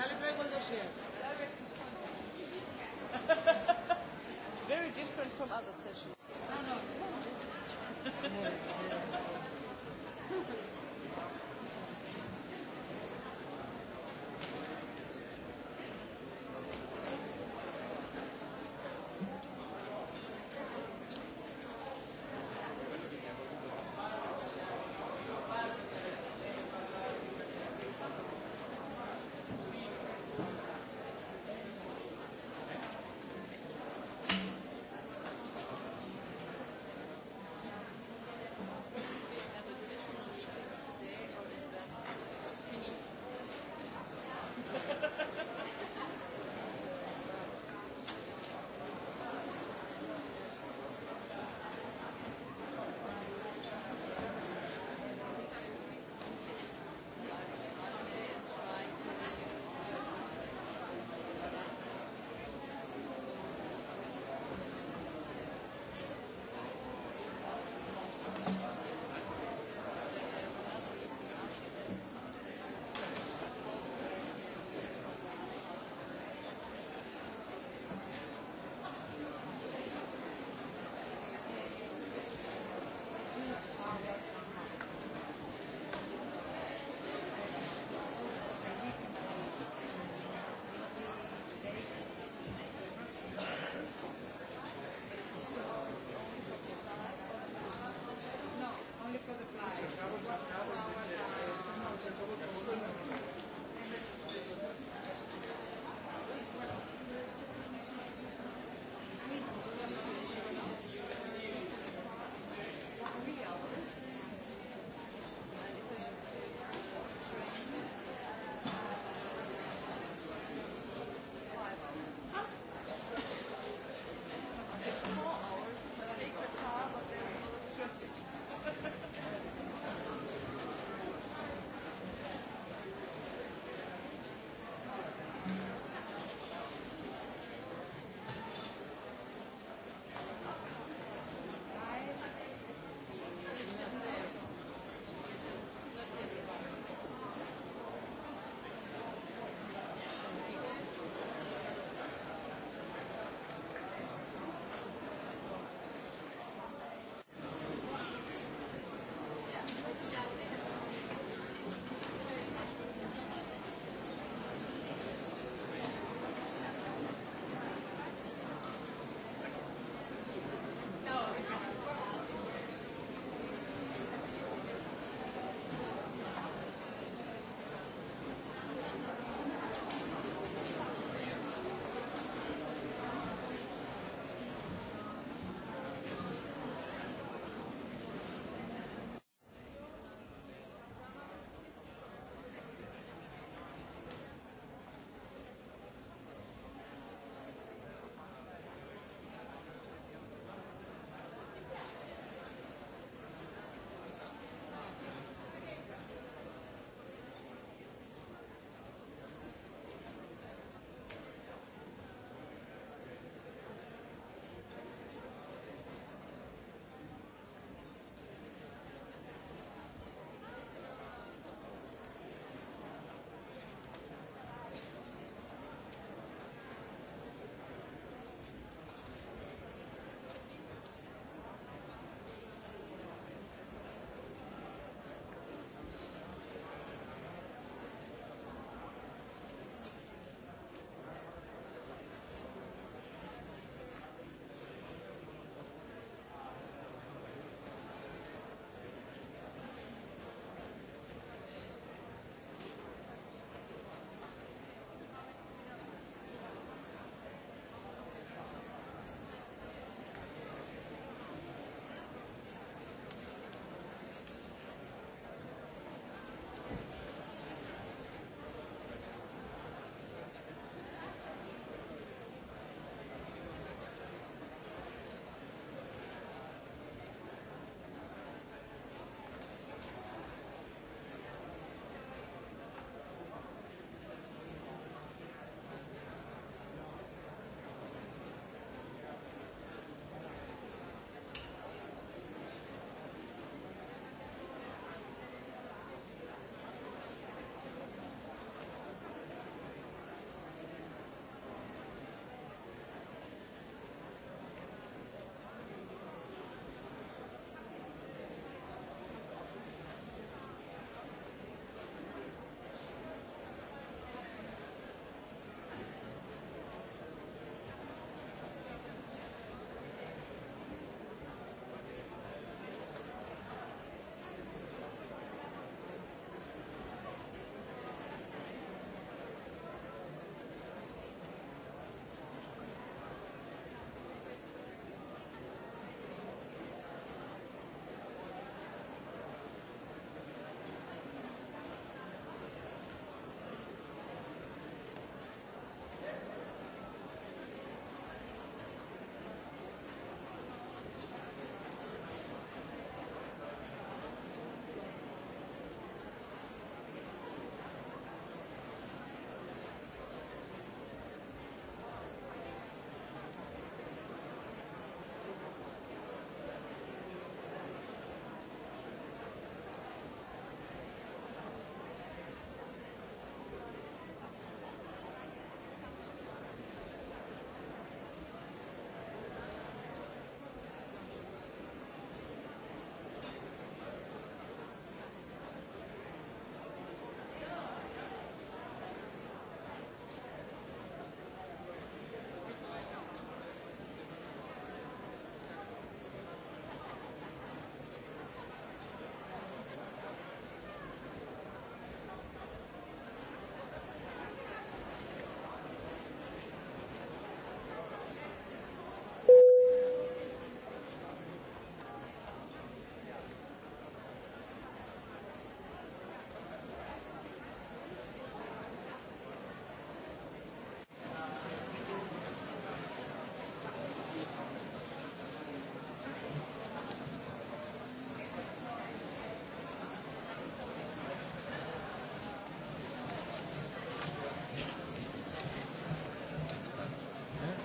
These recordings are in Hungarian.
Ya le Very different from other sessions. No, no.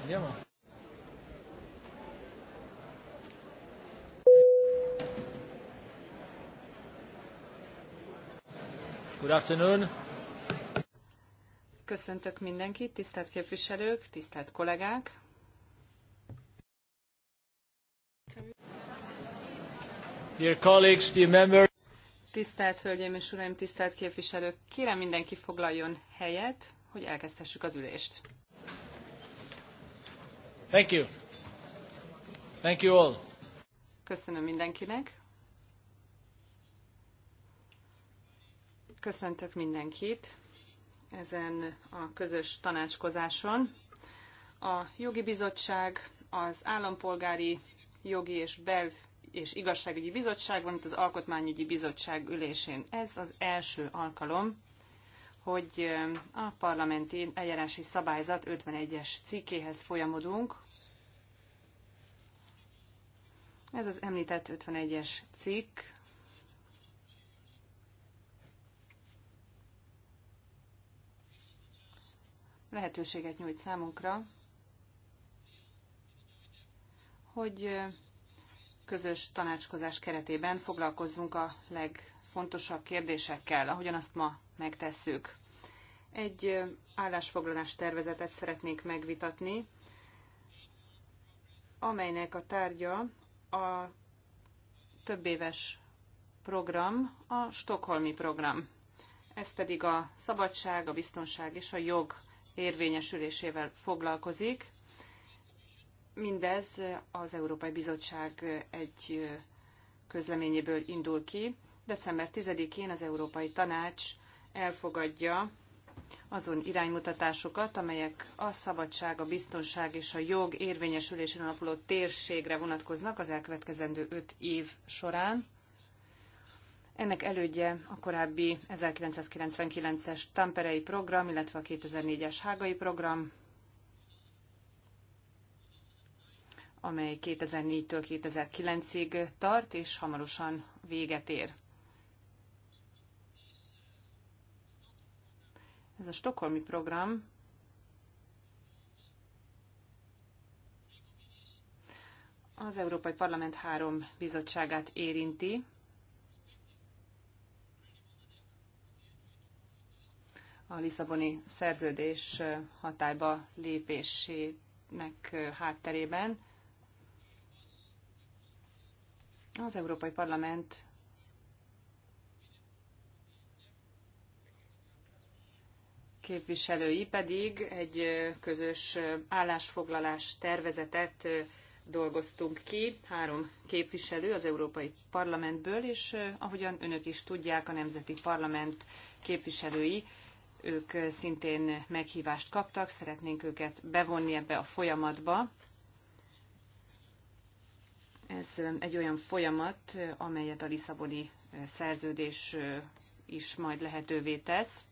Good afternoon. Köszöntök mindenkit, tisztelt képviselők, tisztelt kollégák. Dear colleagues, dear members. Tisztelt Hölgyeim és Uraim, tisztelt képviselők, kérem mindenki foglaljon helyet, hogy elkezdhessük az ülést. Thank you. Thank you all. Köszönöm mindenkinek. Köszöntök mindenkit ezen a közös tanácskozáson. A jogi bizottság, az állampolgári jogi és bel és igazságügyi bizottság, valamint az alkotmányügyi bizottság ülésén. Ez az első alkalom, hogy eh, a parlamenti eljárási szabályzat 51-es cikkéhez folyamodunk, Ez az említett 51-es cikk. Lehetőséget nyújt számunkra, hogy közös tanácskozás keretében foglalkozzunk a legfontosabb kérdésekkel, ahogyan azt ma megtesszük. Egy állásfoglalás tervezetet szeretnék megvitatni, amelynek a tárgya a több éves program a Stockholmi program. Ez pedig a szabadság, a biztonság és a jog érvényesülésével foglalkozik. Mindez az Európai Bizottság egy közleményéből indul ki. December 10-én az Európai Tanács elfogadja azon iránymutatásokat, amelyek a szabadság, a biztonság és a jog érvényesülésén alapuló térségre vonatkoznak az elkövetkezendő öt év során. Ennek elődje a korábbi 1999-es Tamperei program, illetve a 2004-es Hágai program, amely 2004-től 2009-ig tart, és hamarosan véget ér. Ez a stokholmi program az Európai Parlament három bizottságát érinti. A Lisszaboni szerződés hatályba lépésének hátterében az Európai Parlament képviselői pedig egy közös állásfoglalás tervezetet dolgoztunk ki, három képviselő az Európai Parlamentből, és ahogyan önök is tudják, a Nemzeti Parlament képviselői, ők szintén meghívást kaptak, szeretnénk őket bevonni ebbe a folyamatba. Ez egy olyan folyamat, amelyet a Lisszaboni szerződés is majd lehetővé tesz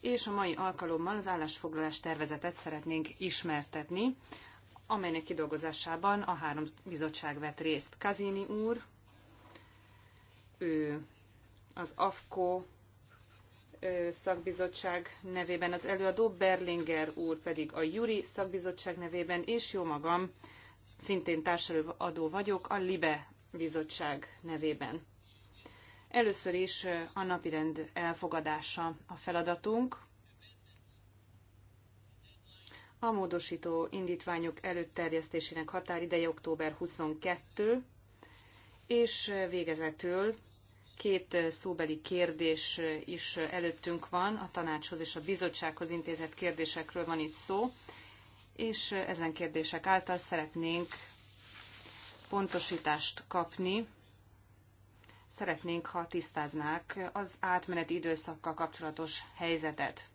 és a mai alkalommal az állásfoglalás tervezetet szeretnénk ismertetni, amelynek kidolgozásában a három bizottság vett részt. Kazini úr, ő az AFKO szakbizottság nevében, az előadó Berlinger úr pedig a Juri szakbizottság nevében, és jó magam, szintén társadalmi adó vagyok, a LIBE bizottság nevében. Először is a napirend elfogadása a feladatunk. A módosító indítványok előterjesztésének határideje október 22, és végezetül két szóbeli kérdés is előttünk van, a tanácshoz és a bizottsághoz intézett kérdésekről van itt szó, és ezen kérdések által szeretnénk pontosítást kapni Szeretnénk, ha tisztáznák az átmeneti időszakkal kapcsolatos helyzetet.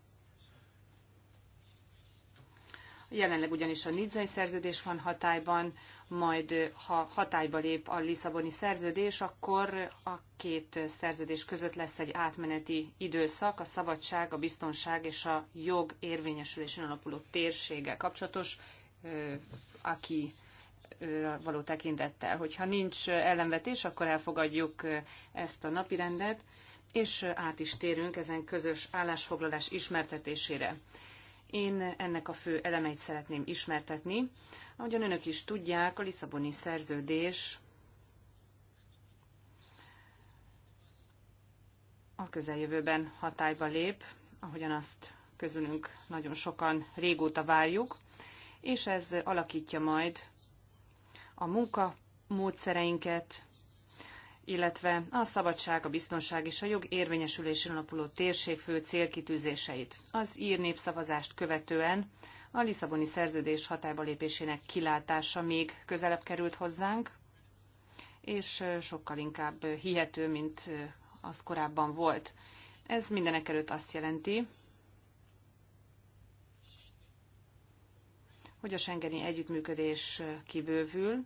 Jelenleg ugyanis a Nidzai szerződés van hatályban, majd ha hatályba lép a Lisszaboni szerződés, akkor a két szerződés között lesz egy átmeneti időszak, a szabadság, a biztonság és a jog érvényesülésén alapuló térséggel kapcsolatos, aki való tekintettel. Hogyha nincs ellenvetés, akkor elfogadjuk ezt a rendet, és át is térünk ezen közös állásfoglalás ismertetésére. Én ennek a fő elemeit szeretném ismertetni. Ahogyan önök is tudják, a Lisszaboni szerződés a közeljövőben hatályba lép, ahogyan azt közülünk nagyon sokan régóta várjuk, és ez alakítja majd a munka módszereinket, illetve a szabadság, a biztonság és a jog érvényesülésén alapuló térség fő célkitűzéseit. Az ír népszavazást követően a Lisszaboni szerződés hatályba lépésének kilátása még közelebb került hozzánk, és sokkal inkább hihető, mint az korábban volt. Ez mindenek előtt azt jelenti, hogy a Schengeni együttműködés kibővül,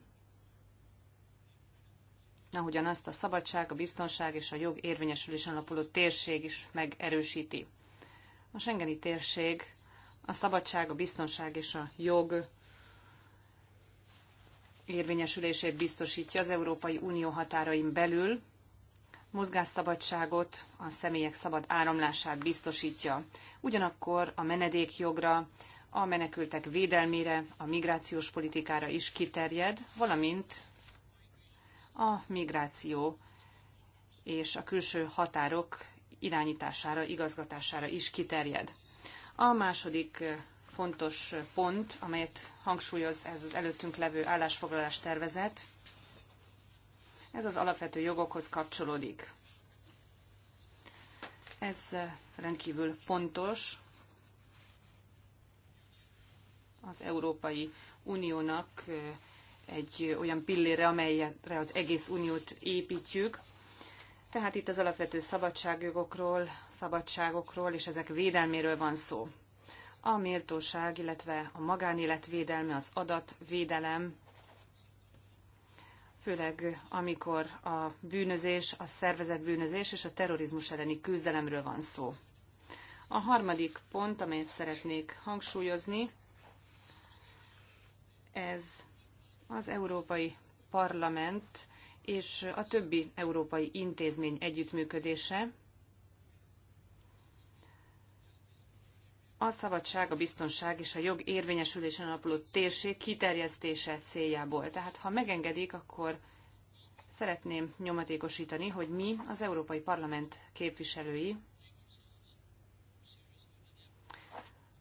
ahogyan azt a szabadság, a biztonság és a jog érvényesülésen alapuló térség is megerősíti. A Schengeni térség a szabadság, a biztonság és a jog érvényesülését biztosítja az Európai Unió határain belül, mozgásszabadságot, a személyek szabad áramlását biztosítja. Ugyanakkor a menedékjogra, a menekültek védelmére, a migrációs politikára is kiterjed, valamint a migráció és a külső határok irányítására, igazgatására is kiterjed. A második fontos pont, amelyet hangsúlyoz ez az előttünk levő állásfoglalás tervezet, ez az alapvető jogokhoz kapcsolódik. Ez rendkívül fontos, az Európai Uniónak egy olyan pillére, amelyre az egész uniót építjük. Tehát itt az alapvető szabadságjogokról, szabadságokról és ezek védelméről van szó. A méltóság, illetve a magánélet védelme, az adatvédelem, főleg amikor a bűnözés, a szervezett bűnözés és a terrorizmus elleni küzdelemről van szó. A harmadik pont, amelyet szeretnék hangsúlyozni, ez az Európai Parlament és a többi európai intézmény együttműködése, a szabadság, a biztonság és a jog érvényesülésen alapuló térség kiterjesztése céljából. Tehát ha megengedik, akkor szeretném nyomatékosítani, hogy mi, az Európai Parlament képviselői,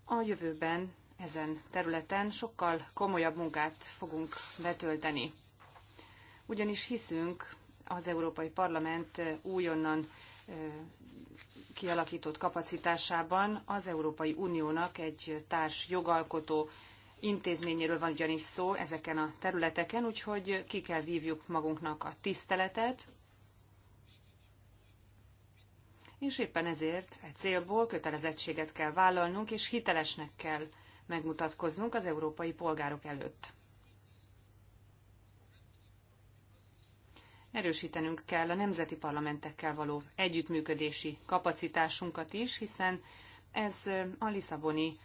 a jövőben ezen területen sokkal komolyabb munkát fogunk betölteni. Ugyanis hiszünk az Európai Parlament újonnan kialakított kapacitásában az Európai Uniónak egy társ jogalkotó intézményéről van ugyanis szó ezeken a területeken, úgyhogy ki kell vívjuk magunknak a tiszteletet, és éppen ezért egy célból kötelezettséget kell vállalnunk, és hitelesnek kell megmutatkoznunk az európai polgárok előtt. Erősítenünk kell a nemzeti parlamentekkel való együttműködési kapacitásunkat is, hiszen ez a Lisszaboni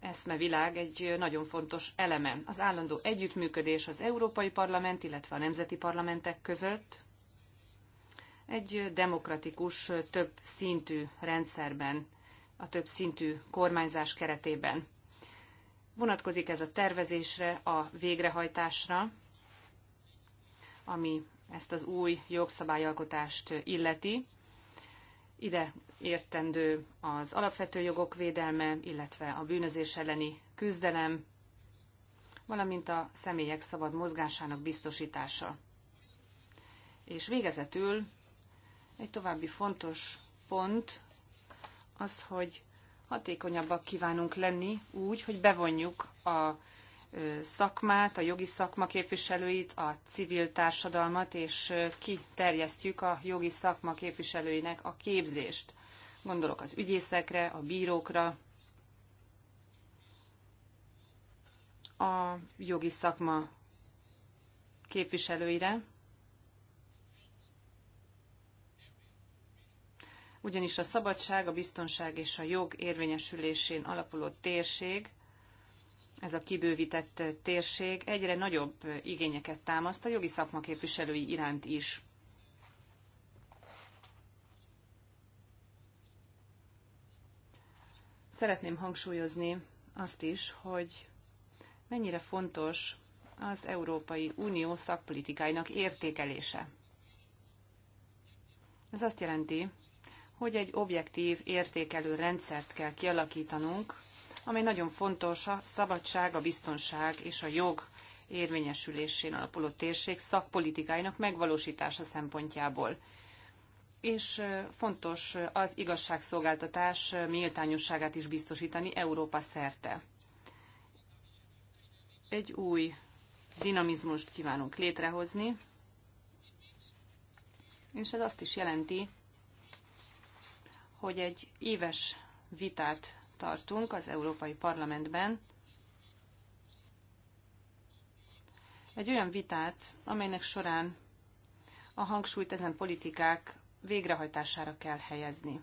eszmevilág egy nagyon fontos eleme. Az állandó együttműködés az Európai Parlament, illetve a nemzeti parlamentek között egy demokratikus, több szintű rendszerben a több szintű kormányzás keretében. Vonatkozik ez a tervezésre, a végrehajtásra, ami ezt az új jogszabályalkotást illeti. Ide értendő az alapvető jogok védelme, illetve a bűnözés elleni küzdelem, valamint a személyek szabad mozgásának biztosítása. És végezetül egy további fontos pont az, hogy hatékonyabbak kívánunk lenni úgy, hogy bevonjuk a szakmát, a jogi szakma képviselőit, a civil társadalmat, és kiterjesztjük a jogi szakma képviselőinek a képzést. Gondolok az ügyészekre, a bírókra, a jogi szakma képviselőire, ugyanis a szabadság, a biztonság és a jog érvényesülésén alapuló térség, ez a kibővített térség egyre nagyobb igényeket támaszt a jogi szakmaképviselői iránt is. Szeretném hangsúlyozni azt is, hogy mennyire fontos az Európai Unió szakpolitikáinak értékelése. Ez azt jelenti, hogy egy objektív értékelő rendszert kell kialakítanunk, amely nagyon fontos a szabadság, a biztonság és a jog érvényesülésén alapuló térség szakpolitikáinak megvalósítása szempontjából. És fontos az igazságszolgáltatás méltányosságát is biztosítani Európa szerte. Egy új dinamizmust kívánunk létrehozni, és ez azt is jelenti, hogy egy éves vitát tartunk az Európai Parlamentben, egy olyan vitát, amelynek során a hangsúlyt ezen politikák végrehajtására kell helyezni.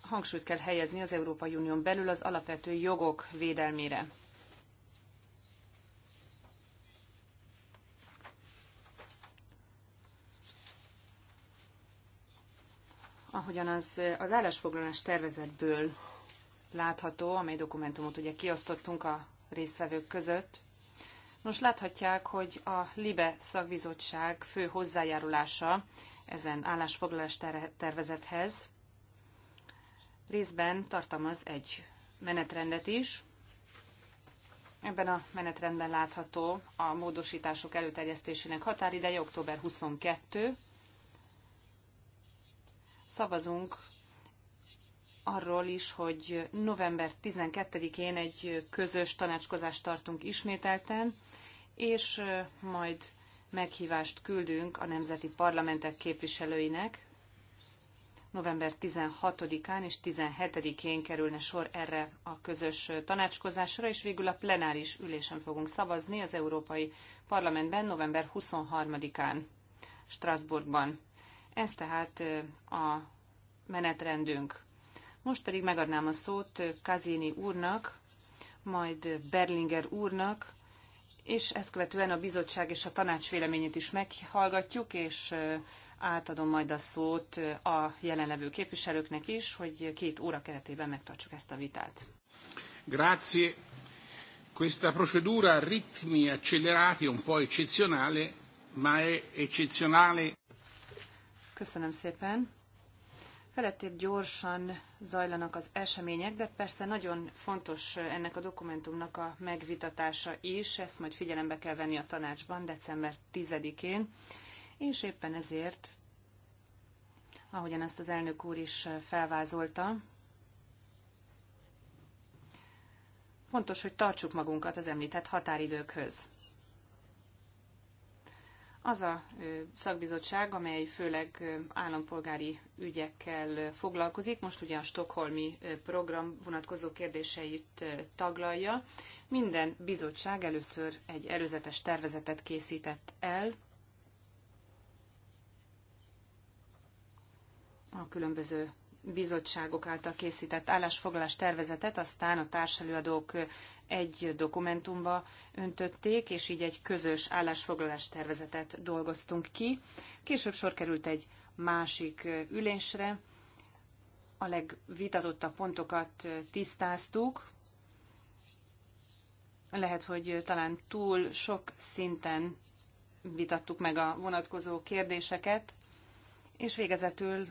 Hangsúlyt kell helyezni az Európai Unión belül az alapvető jogok védelmére. ahogyan az, az állásfoglalás tervezetből látható, amely dokumentumot ugye kiosztottunk a résztvevők között. Nos, láthatják, hogy a LIBE szakbizottság fő hozzájárulása ezen állásfoglalás tervezethez részben tartalmaz egy menetrendet is. Ebben a menetrendben látható a módosítások előterjesztésének határideje október 22, szavazunk arról is, hogy november 12-én egy közös tanácskozást tartunk ismételten, és majd meghívást küldünk a nemzeti parlamentek képviselőinek. November 16-án és 17-én kerülne sor erre a közös tanácskozásra, és végül a plenáris ülésen fogunk szavazni az Európai Parlamentben november 23-án Strasbourgban. Ez tehát a menetrendünk. Most pedig megadnám a szót Kazini úrnak, majd Berlinger úrnak, és ezt követően a bizottság és a tanács véleményét is meghallgatjuk, és átadom majd a szót a jelenlevő képviselőknek is, hogy két óra keretében megtartsuk ezt a vitát. Grazie. Questa procedura ritmi accelerati un po' eccezionale, ma è eccezionale. Köszönöm szépen. Felettébb gyorsan zajlanak az események, de persze nagyon fontos ennek a dokumentumnak a megvitatása is, ezt majd figyelembe kell venni a tanácsban december 10-én, és éppen ezért, ahogyan azt az elnök úr is felvázolta, fontos, hogy tartsuk magunkat az említett határidőkhöz az a szakbizottság, amely főleg állampolgári ügyekkel foglalkozik, most ugye a Stockholmi program vonatkozó kérdéseit taglalja. Minden bizottság először egy előzetes tervezetet készített el a különböző bizottságok által készített állásfoglalás tervezetet, aztán a társelőadók egy dokumentumba öntötték, és így egy közös állásfoglalás tervezetet dolgoztunk ki. Később sor került egy másik ülésre, a legvitatottabb pontokat tisztáztuk. Lehet, hogy talán túl sok szinten vitattuk meg a vonatkozó kérdéseket, és végezetül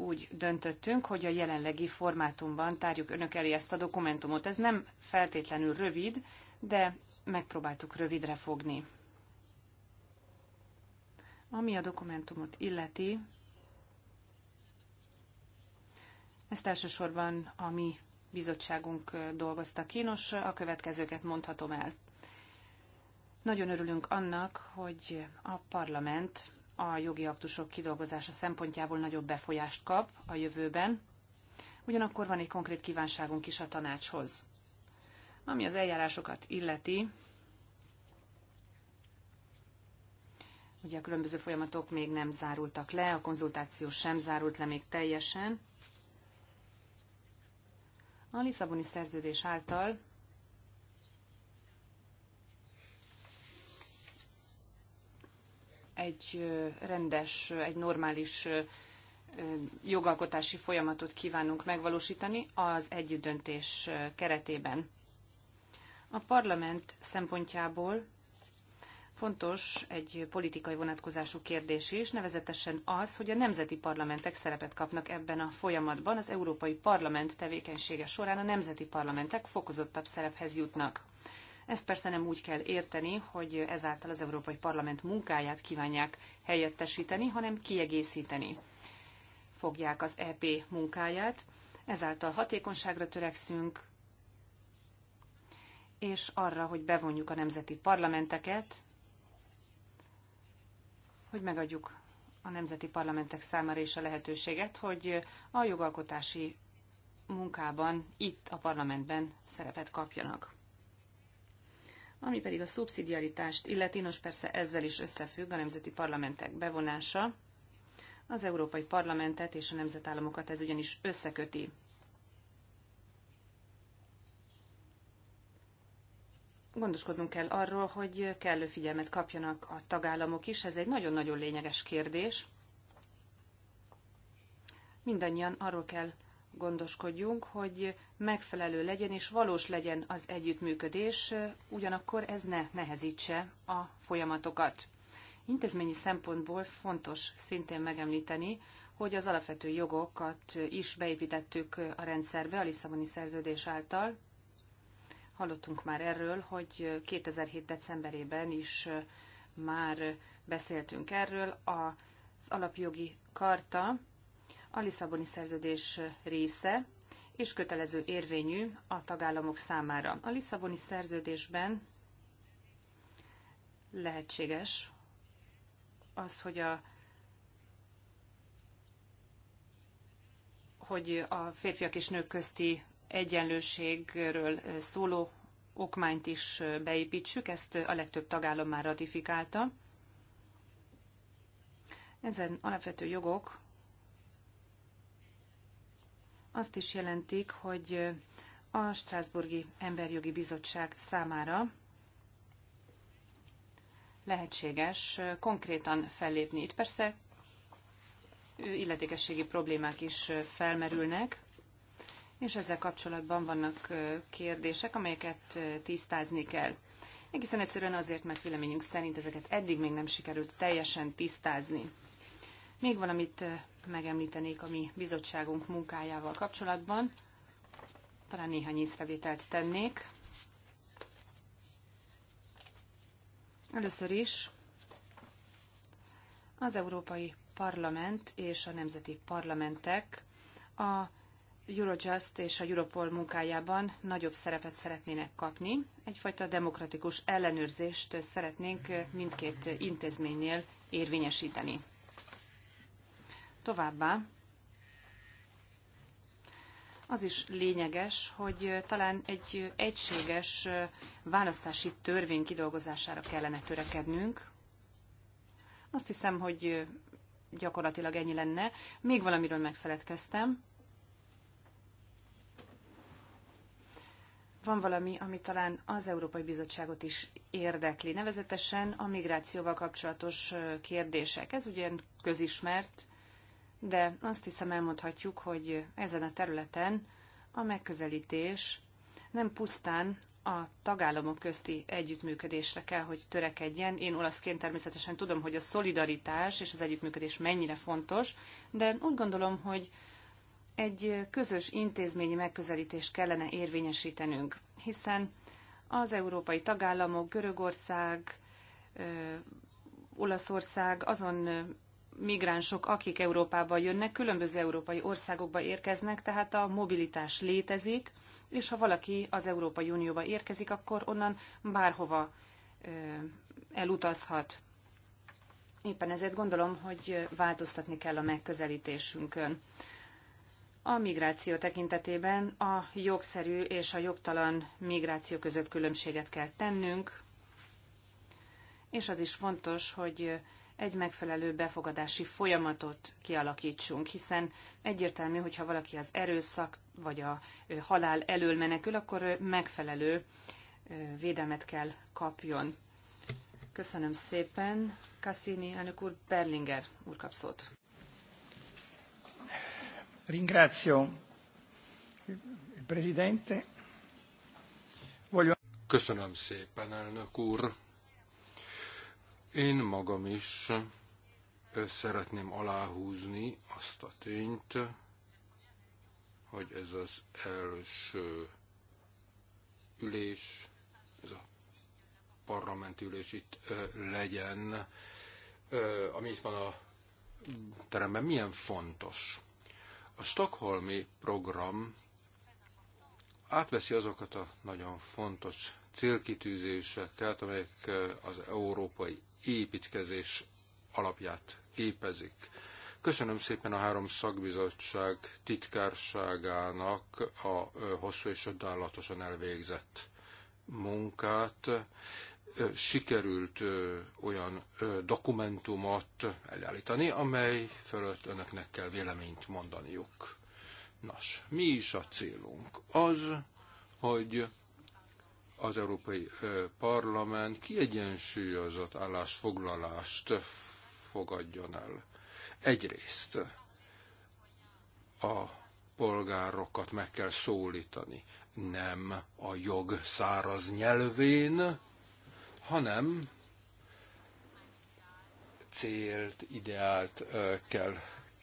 úgy döntöttünk, hogy a jelenlegi formátumban tárjuk önök elé ezt a dokumentumot. Ez nem feltétlenül rövid, de megpróbáltuk rövidre fogni. Ami a dokumentumot illeti, ezt elsősorban a mi bizottságunk dolgozta ki, nos, a következőket mondhatom el. Nagyon örülünk annak, hogy a parlament a jogi aktusok kidolgozása szempontjából nagyobb befolyást kap a jövőben, ugyanakkor van egy konkrét kívánságunk is a tanácshoz. Ami az eljárásokat illeti, ugye a különböző folyamatok még nem zárultak le, a konzultáció sem zárult le még teljesen. A Lisszaboni szerződés által egy rendes, egy normális jogalkotási folyamatot kívánunk megvalósítani az együttdöntés keretében. A parlament szempontjából fontos egy politikai vonatkozású kérdés is, nevezetesen az, hogy a nemzeti parlamentek szerepet kapnak ebben a folyamatban, az Európai Parlament tevékenysége során a nemzeti parlamentek fokozottabb szerephez jutnak. Ezt persze nem úgy kell érteni, hogy ezáltal az Európai Parlament munkáját kívánják helyettesíteni, hanem kiegészíteni fogják az EP munkáját. Ezáltal hatékonyságra törekszünk, és arra, hogy bevonjuk a nemzeti parlamenteket, hogy megadjuk a nemzeti parlamentek számára is a lehetőséget, hogy a jogalkotási munkában itt a parlamentben szerepet kapjanak. Ami pedig a szubszidiaritást illeti, nos persze ezzel is összefügg a nemzeti parlamentek bevonása. Az Európai Parlamentet és a nemzetállamokat ez ugyanis összeköti. Gondoskodnunk kell arról, hogy kellő figyelmet kapjanak a tagállamok is. Ez egy nagyon-nagyon lényeges kérdés. Mindannyian arról kell gondoskodjunk, hogy megfelelő legyen és valós legyen az együttműködés, ugyanakkor ez ne nehezítse a folyamatokat. Intézményi szempontból fontos szintén megemlíteni, hogy az alapvető jogokat is beépítettük a rendszerbe a Lisszaboni szerződés által. Hallottunk már erről, hogy 2007. decemberében is már beszéltünk erről. Az alapjogi karta a Lisszaboni szerződés része, és kötelező érvényű a tagállamok számára. A Lisszaboni szerződésben lehetséges az, hogy a hogy a férfiak és nők közti egyenlőségről szóló okmányt is beépítsük, ezt a legtöbb tagállam már ratifikálta. Ezen alapvető jogok azt is jelentik, hogy a Strasburgi Emberjogi Bizottság számára lehetséges konkrétan fellépni. Itt persze illetékességi problémák is felmerülnek, és ezzel kapcsolatban vannak kérdések, amelyeket tisztázni kell. Egészen egyszerűen azért, mert véleményünk szerint ezeket eddig még nem sikerült teljesen tisztázni. Még valamit megemlítenék a mi bizottságunk munkájával kapcsolatban. Talán néhány észrevételt tennék. Először is az Európai Parlament és a nemzeti parlamentek a Eurojust és a Europol munkájában nagyobb szerepet szeretnének kapni. Egyfajta demokratikus ellenőrzést szeretnénk mindkét intézménynél érvényesíteni. Továbbá az is lényeges, hogy talán egy egységes választási törvény kidolgozására kellene törekednünk. Azt hiszem, hogy gyakorlatilag ennyi lenne. Még valamiről megfeledkeztem. Van valami, ami talán az Európai Bizottságot is érdekli, nevezetesen a migrációval kapcsolatos kérdések. Ez ugye közismert, de azt hiszem elmondhatjuk, hogy ezen a területen a megközelítés nem pusztán a tagállamok közti együttműködésre kell, hogy törekedjen. Én olaszként természetesen tudom, hogy a szolidaritás és az együttműködés mennyire fontos, de úgy gondolom, hogy egy közös intézményi megközelítést kellene érvényesítenünk, hiszen az európai tagállamok, Görögország, Olaszország azon migránsok, akik Európába jönnek, különböző európai országokba érkeznek, tehát a mobilitás létezik, és ha valaki az Európai Unióba érkezik, akkor onnan bárhova elutazhat. Éppen ezért gondolom, hogy változtatni kell a megközelítésünkön. A migráció tekintetében a jogszerű és a jogtalan migráció között különbséget kell tennünk, és az is fontos, hogy egy megfelelő befogadási folyamatot kialakítsunk, hiszen egyértelmű, hogyha valaki az erőszak vagy a halál elől menekül, akkor megfelelő védelmet kell kapjon. Köszönöm szépen. Cassini elnök úr, Berlinger úr kap szót. Ringrazio presidente. Köszönöm szépen, elnök úr. Én magam is szeretném aláhúzni azt a tényt, hogy ez az első ülés, ez a parlamenti ülés itt legyen, ami itt van a teremben, milyen fontos. A Stockholmi program átveszi azokat a nagyon fontos célkitűzéseket, amelyek az európai építkezés alapját képezik. Köszönöm szépen a három szakbizottság titkárságának a hosszú és csodálatosan elvégzett munkát. Sikerült olyan dokumentumot elállítani, amely fölött önöknek kell véleményt mondaniuk. Nos, mi is a célunk? Az, hogy az Európai Parlament kiegyensúlyozott állásfoglalást fogadjon el. Egyrészt a polgárokat meg kell szólítani, nem a jog száraz nyelvén, hanem célt, ideált kell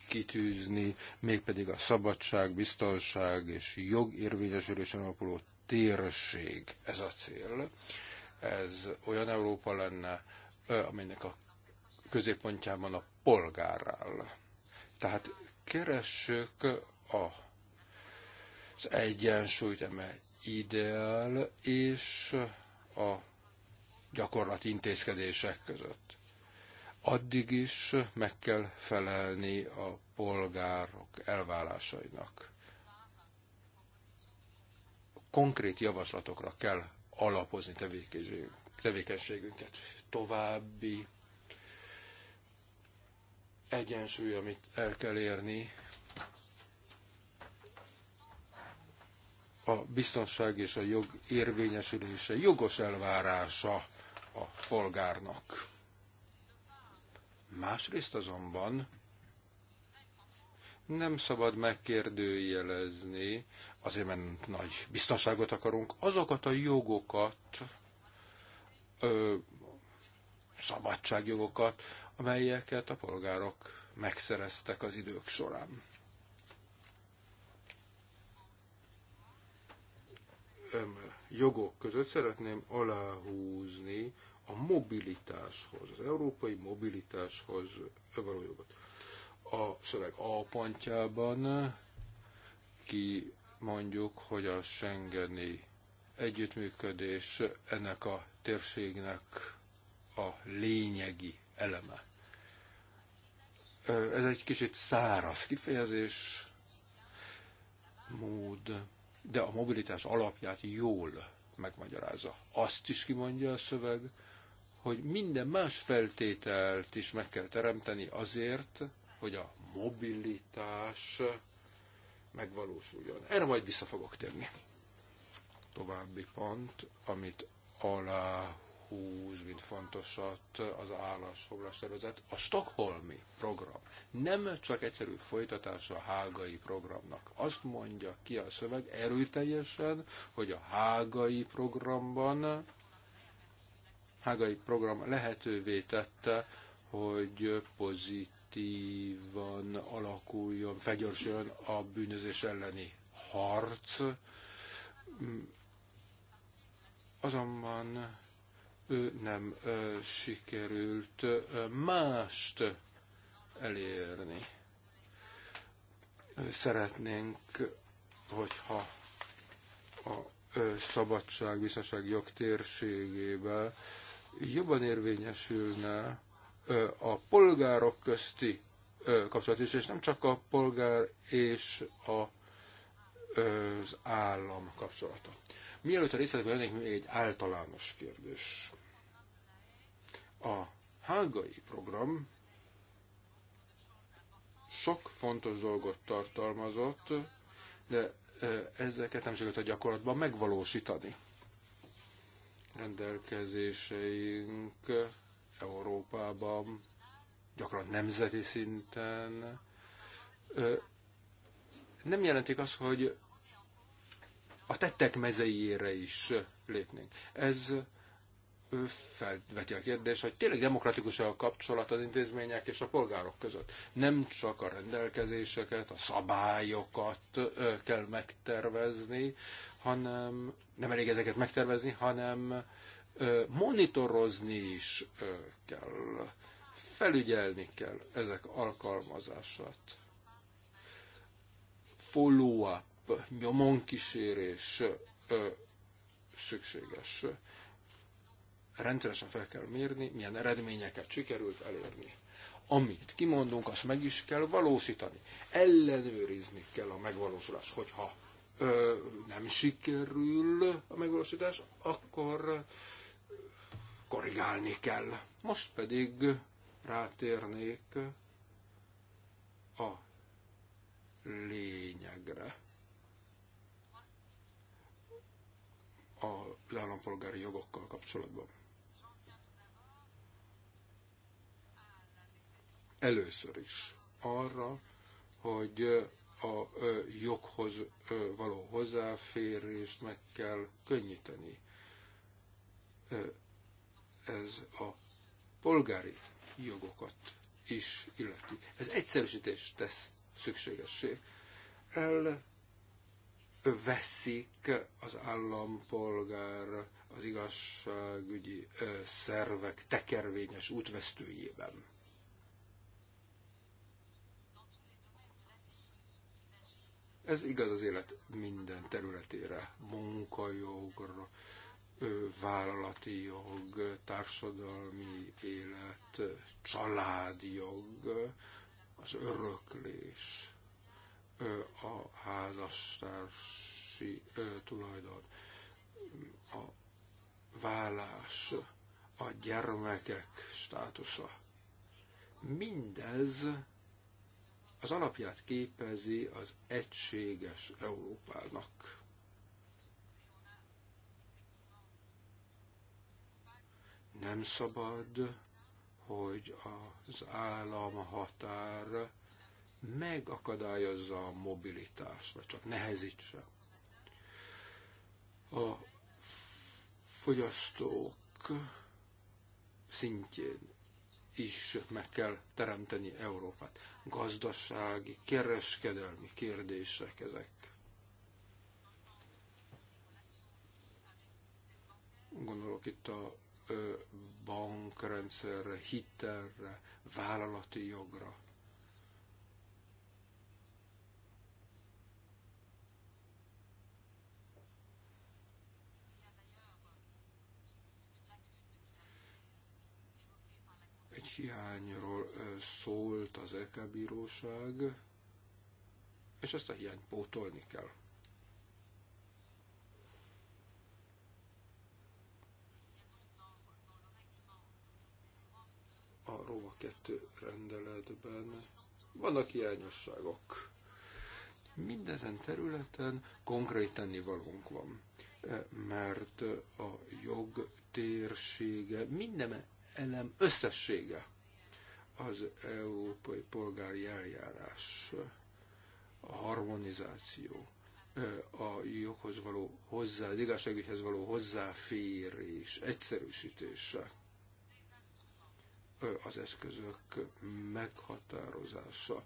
kitűzni, mégpedig a szabadság, biztonság és jog érvényesülésen alapuló térség ez a cél. Ez olyan Európa lenne, aminek a középpontjában a polgár áll. Tehát keressük a, az egyensúlyt, eme ideál és a gyakorlati intézkedések között. Addig is meg kell felelni a polgárok elvárásainak konkrét javaslatokra kell alapozni tevékenységünket. További egyensúly, amit el kell érni, a biztonság és a jog érvényesülése jogos elvárása a polgárnak. Másrészt azonban nem szabad megkérdőjelezni, azért mert nagy biztonságot akarunk, azokat a jogokat, ö, szabadságjogokat, amelyeket a polgárok megszereztek az idők során. Öm, jogok között szeretném aláhúzni a mobilitáshoz, az európai mobilitáshoz való jogot a szöveg A pontjában ki mondjuk, hogy a Schengeni együttműködés ennek a térségnek a lényegi eleme. Ez egy kicsit száraz kifejezés, mód, de a mobilitás alapját jól megmagyarázza. Azt is kimondja a szöveg, hogy minden más feltételt is meg kell teremteni azért, hogy a mobilitás megvalósuljon. Erre majd vissza fogok térni. További pont, amit alá húz, mint fontosat az állásfoglalás tervezet, a Stockholmi program. Nem csak egyszerű folytatása a hágai programnak. Azt mondja ki a szöveg erőteljesen, hogy a hágai programban hágai program lehetővé tette, hogy pozitív aktívan alakuljon, felgyorsuljon a bűnözés elleni harc. Azonban ő nem sikerült mást elérni. Szeretnénk, hogyha a szabadság, biztonság jogtérségében jobban érvényesülne a polgárok közti kapcsolat is, és nem csak a polgár és a, az állam kapcsolata. Mielőtt a részletekbe lennék, még egy általános kérdés. A hágai program sok fontos dolgot tartalmazott, de ezeket nem sikerült a gyakorlatban megvalósítani. Rendelkezéseink Európában, gyakran nemzeti szinten, nem jelentik azt, hogy a tettek mezeiére is lépnénk. Ez ő felveti a kérdést, hogy tényleg demokratikus a kapcsolat az intézmények és a polgárok között. Nem csak a rendelkezéseket, a szabályokat kell megtervezni, hanem nem elég ezeket megtervezni, hanem monitorozni is kell, felügyelni kell ezek alkalmazását. Follow-up, nyomonkísérés szükséges. Rendszeresen fel kell mérni, milyen eredményeket sikerült elérni. Amit kimondunk, azt meg is kell valósítani. Ellenőrizni kell a megvalósulás, hogyha ö, nem sikerül a megvalósítás, akkor korrigálni kell. Most pedig rátérnék a lényegre. A állampolgári jogokkal kapcsolatban. Először is arra, hogy a joghoz való hozzáférést meg kell könnyíteni ez a polgári jogokat is illeti. Ez egyszerűsítés tesz szükségessé. El veszik az állampolgár az igazságügyi szervek tekervényes útvesztőjében. Ez igaz az élet minden területére, munkajogra, vállalati jog, társadalmi élet, családi jog, az öröklés, a házastársi tulajdon, a vállás, a gyermekek státusza. Mindez az alapját képezi az egységes Európának. Nem szabad, hogy az állam határ megakadályozza a mobilitást, vagy csak nehezítse. A fogyasztók szintjén is meg kell teremteni Európát. Gazdasági, kereskedelmi kérdések ezek. Gondolok itt a bankrendszerre, hitelre, vállalati jogra. Egy hiányról szólt az EK bíróság, és ezt a hiányt pótolni kell. a Róma 2 rendeletben vannak hiányosságok. Mindezen területen konkrét tennivalónk van, e, mert a jog térsége, minden elem összessége az európai polgári eljárás, a harmonizáció, e, a joghoz való hozzá, az igazságügyhez való hozzáférés, egyszerűsítése, az eszközök meghatározása.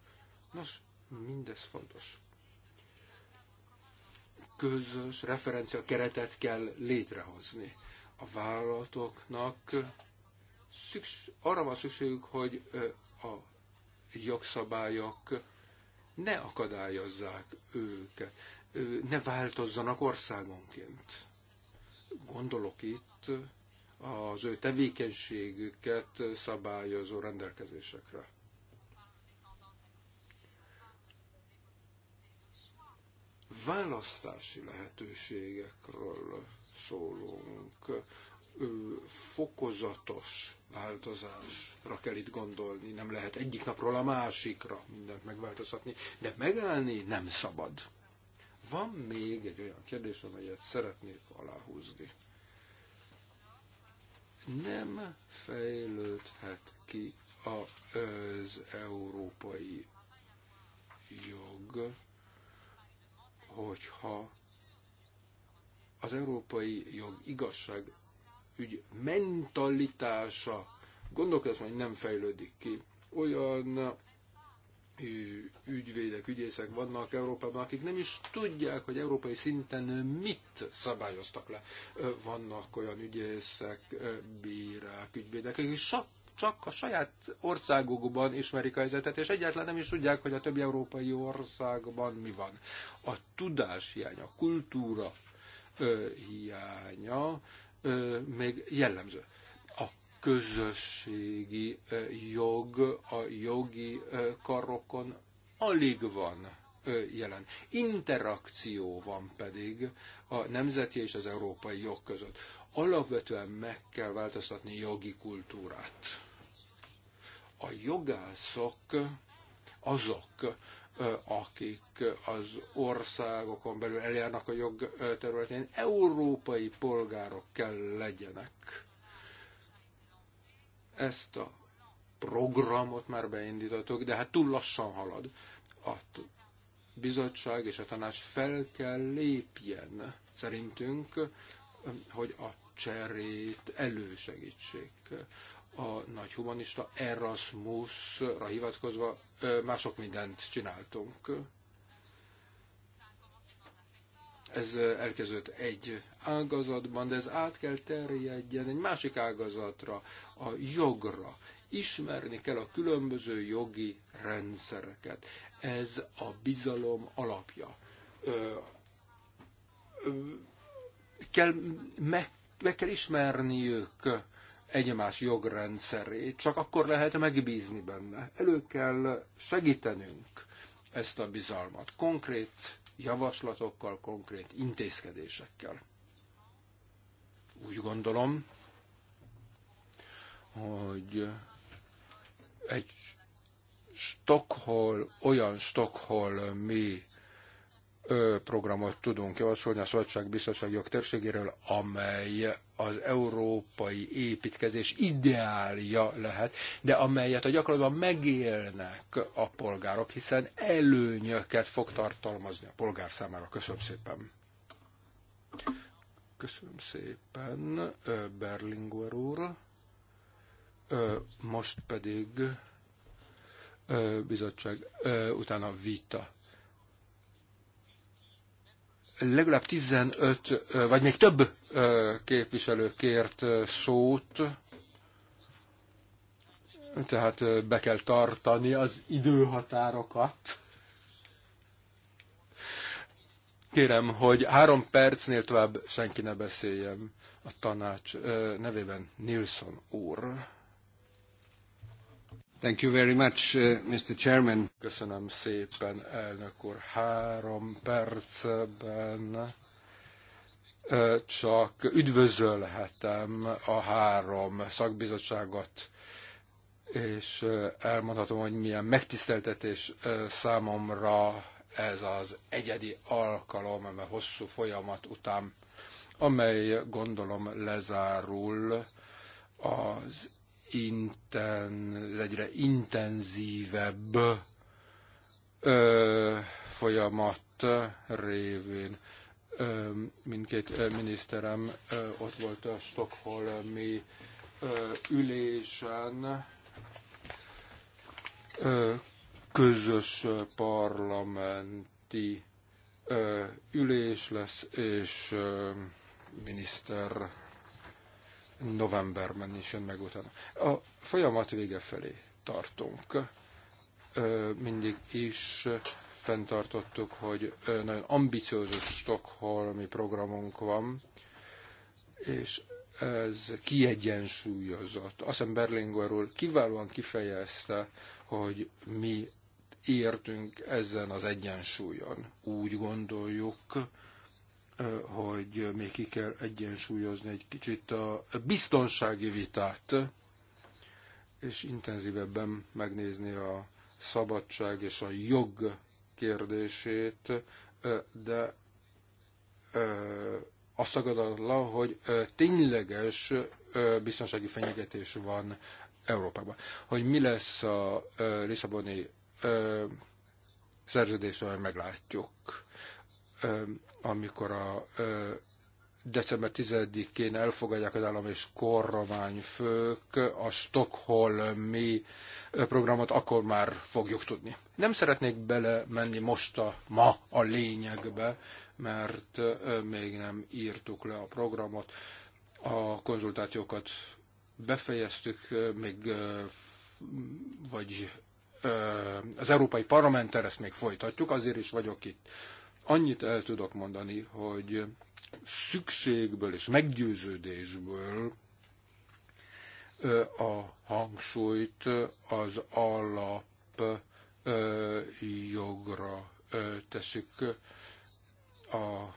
Nos, mindez fontos. Közös referencia keretet kell létrehozni. A vállalatoknak szüks, arra van szükségük, hogy a jogszabályok ne akadályozzák őket, ne változzanak országonként. Gondolok itt az ő tevékenységüket szabályozó rendelkezésekre. Választási lehetőségekről szólunk fokozatos változásra kell itt gondolni, nem lehet egyik napról a másikra mindent megváltoztatni, de megállni nem szabad. Van még egy olyan kérdés, amelyet szeretnék aláhúzni nem fejlődhet ki az európai jog, hogyha az európai jog igazság ügy mentalitása, gondolkodás, hogy nem fejlődik ki, olyan ügyvédek, ügyészek vannak Európában, akik nem is tudják, hogy európai szinten mit szabályoztak le. Vannak olyan ügyészek, bírák, ügyvédek, akik csak csak a saját országokban ismerik a helyzetet, és egyáltalán nem is tudják, hogy a többi európai országban mi van. A tudás hiánya, a kultúra ö, hiánya ö, még jellemző közösségi jog a jogi karokon alig van jelen. Interakció van pedig a nemzeti és az európai jog között. Alapvetően meg kell változtatni jogi kultúrát. A jogászok azok, akik az országokon belül eljárnak a jog területén, európai polgárok kell legyenek ezt a programot már beindítottuk, de hát túl lassan halad. A bizottság és a tanács fel kell lépjen szerintünk, hogy a cserét elősegítsék. A nagy humanista Erasmusra hivatkozva mások mindent csináltunk ez elkezdődött egy ágazatban, de ez át kell terjedjen egy másik ágazatra, a jogra. Ismerni kell a különböző jogi rendszereket. Ez a bizalom alapja. Ö, ö, kell, meg, meg kell ismerniük egymás jogrendszerét, csak akkor lehet megbízni benne. Elő kell segítenünk ezt a bizalmat. Konkrét javaslatokkal, konkrét intézkedésekkel. Úgy gondolom, hogy egy Stockholm, olyan Stockholm, mi programot tudunk javasolni a szabadságbiztonsági jog térségéről, amely az európai építkezés ideálja lehet, de amelyet a gyakorlatban megélnek a polgárok, hiszen előnyöket fog tartalmazni a polgár számára. Köszönöm szépen. Köszönöm szépen, Berlinguer úr. Most pedig bizottság, utána vita legalább 15, vagy még több képviselő kért szót, tehát be kell tartani az időhatárokat. Kérem, hogy három percnél tovább senki ne beszéljem a tanács nevében Nilsson úr. Thank you very much, uh, Mr. Chairman. Köszönöm szépen, elnök úr. Három percben csak üdvözölhetem a három szakbizottságot, és elmondhatom, hogy milyen megtiszteltetés számomra ez az egyedi alkalom, mert hosszú folyamat után, amely gondolom lezárul az inten, egyre intenzívebb ö, folyamat révén. Ö, mindkét miniszterem ö, ott volt a Stockholmi ö, ülésen. Ö, közös parlamenti ülés lesz, és miniszter novemberben is jön meg utána. A folyamat vége felé tartunk. Mindig is fenntartottuk, hogy nagyon ambiciózus stokholmi programunk van, és ez kiegyensúlyozott. Azt hiszem Berlingorról kiválóan kifejezte, hogy mi értünk ezen az egyensúlyon. Úgy gondoljuk, hogy még ki kell egyensúlyozni egy kicsit a biztonsági vitát, és intenzívebben megnézni a szabadság és a jog kérdését, de azt tagadatlan, hogy tényleges biztonsági fenyegetés van Európában. Hogy mi lesz a Lisszaboni szerződésre, meglátjuk amikor a december 10-én elfogadják az állam és kormányfők a Stockholmi programot, akkor már fogjuk tudni. Nem szeretnék belemenni most a ma a lényegbe, mert még nem írtuk le a programot. A konzultációkat befejeztük, még vagy az Európai Parlamenttel ezt még folytatjuk, azért is vagyok itt, Annyit el tudok mondani, hogy szükségből és meggyőződésből a hangsúlyt az alap jogra tesszük a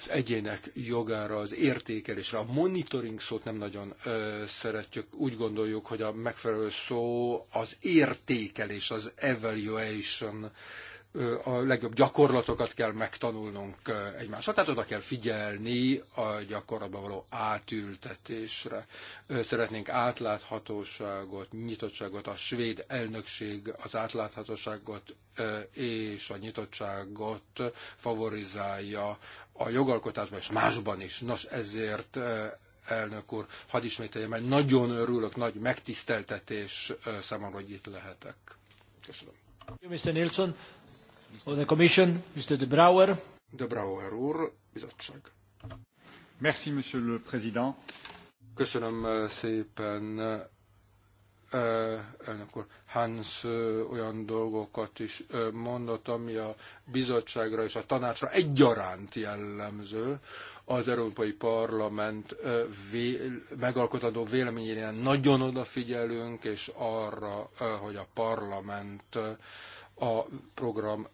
az egyének jogára, az értékelésre. A monitoring szót nem nagyon ö, szeretjük. Úgy gondoljuk, hogy a megfelelő szó az értékelés, az evaluation. Ö, a legjobb gyakorlatokat kell megtanulnunk egymásra, tehát oda kell figyelni a gyakorlatban való átültetésre. Szeretnénk átláthatóságot, nyitottságot, a svéd elnökség az átláthatóságot és a nyitottságot favorizálja a jogalkotásban és másban is. Nos, ezért elnök úr, hadd ismételjem, mert nagyon örülök, nagy megtiszteltetés számomra, hogy itt lehetek. Köszönöm. Mr. Nilsson. For the Commission, Mr. De Brouwer. De Brouwer úr, bizottság. Merci, Monsieur le Président. Köszönöm szépen, elnök úr. Hans olyan dolgokat is mondott, ami a bizottságra és a tanácsra egyaránt jellemző. Az Európai Parlament megalkotandó véleményére nagyon odafigyelünk, és arra, hogy a parlament a program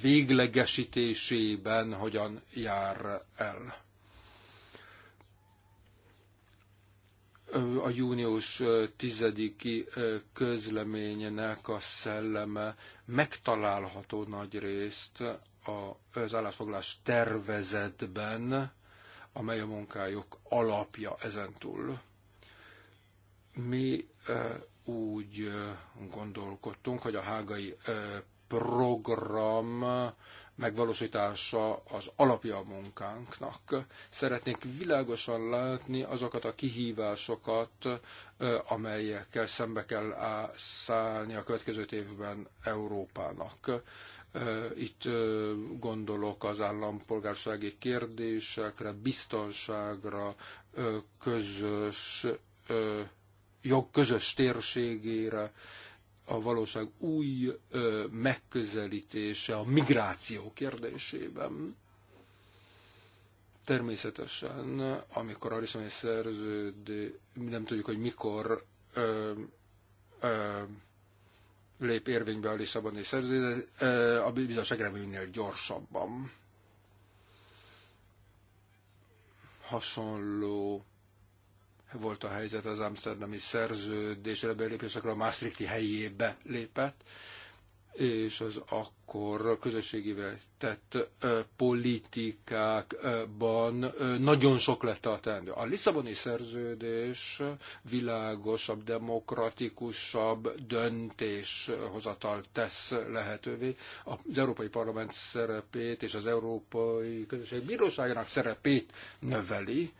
véglegesítésében hogyan jár el. A június tizediki i közleménynek a szelleme megtalálható nagy részt az állásfoglás tervezetben, amely a munkájuk alapja ezentúl. Mi úgy gondolkodtunk, hogy a hágai program megvalósítása az alapja a munkánknak. Szeretnénk világosan látni azokat a kihívásokat, amelyekkel szembe kell szállni a következő évben Európának. Itt gondolok az állampolgársági kérdésekre, biztonságra, közös jog közös térségére, a valóság új ö, megközelítése a migráció kérdésében. Természetesen, amikor a szerződ, nem tudjuk, hogy mikor ö, ö, lép érvénybe a Lisszaboni de ö, a bizottság minél gyorsabban. Hasonló volt a helyzet az Amsterdami szerződésre belépés, akkor a Maastrichti helyébe lépett, és az akkor közösségével tett ö, politikákban ö, nagyon sok lett a teendő. A Lisszaboni szerződés világosabb, demokratikusabb döntéshozatal tesz lehetővé. Az Európai Parlament szerepét és az Európai Közösség Bíróságának szerepét növeli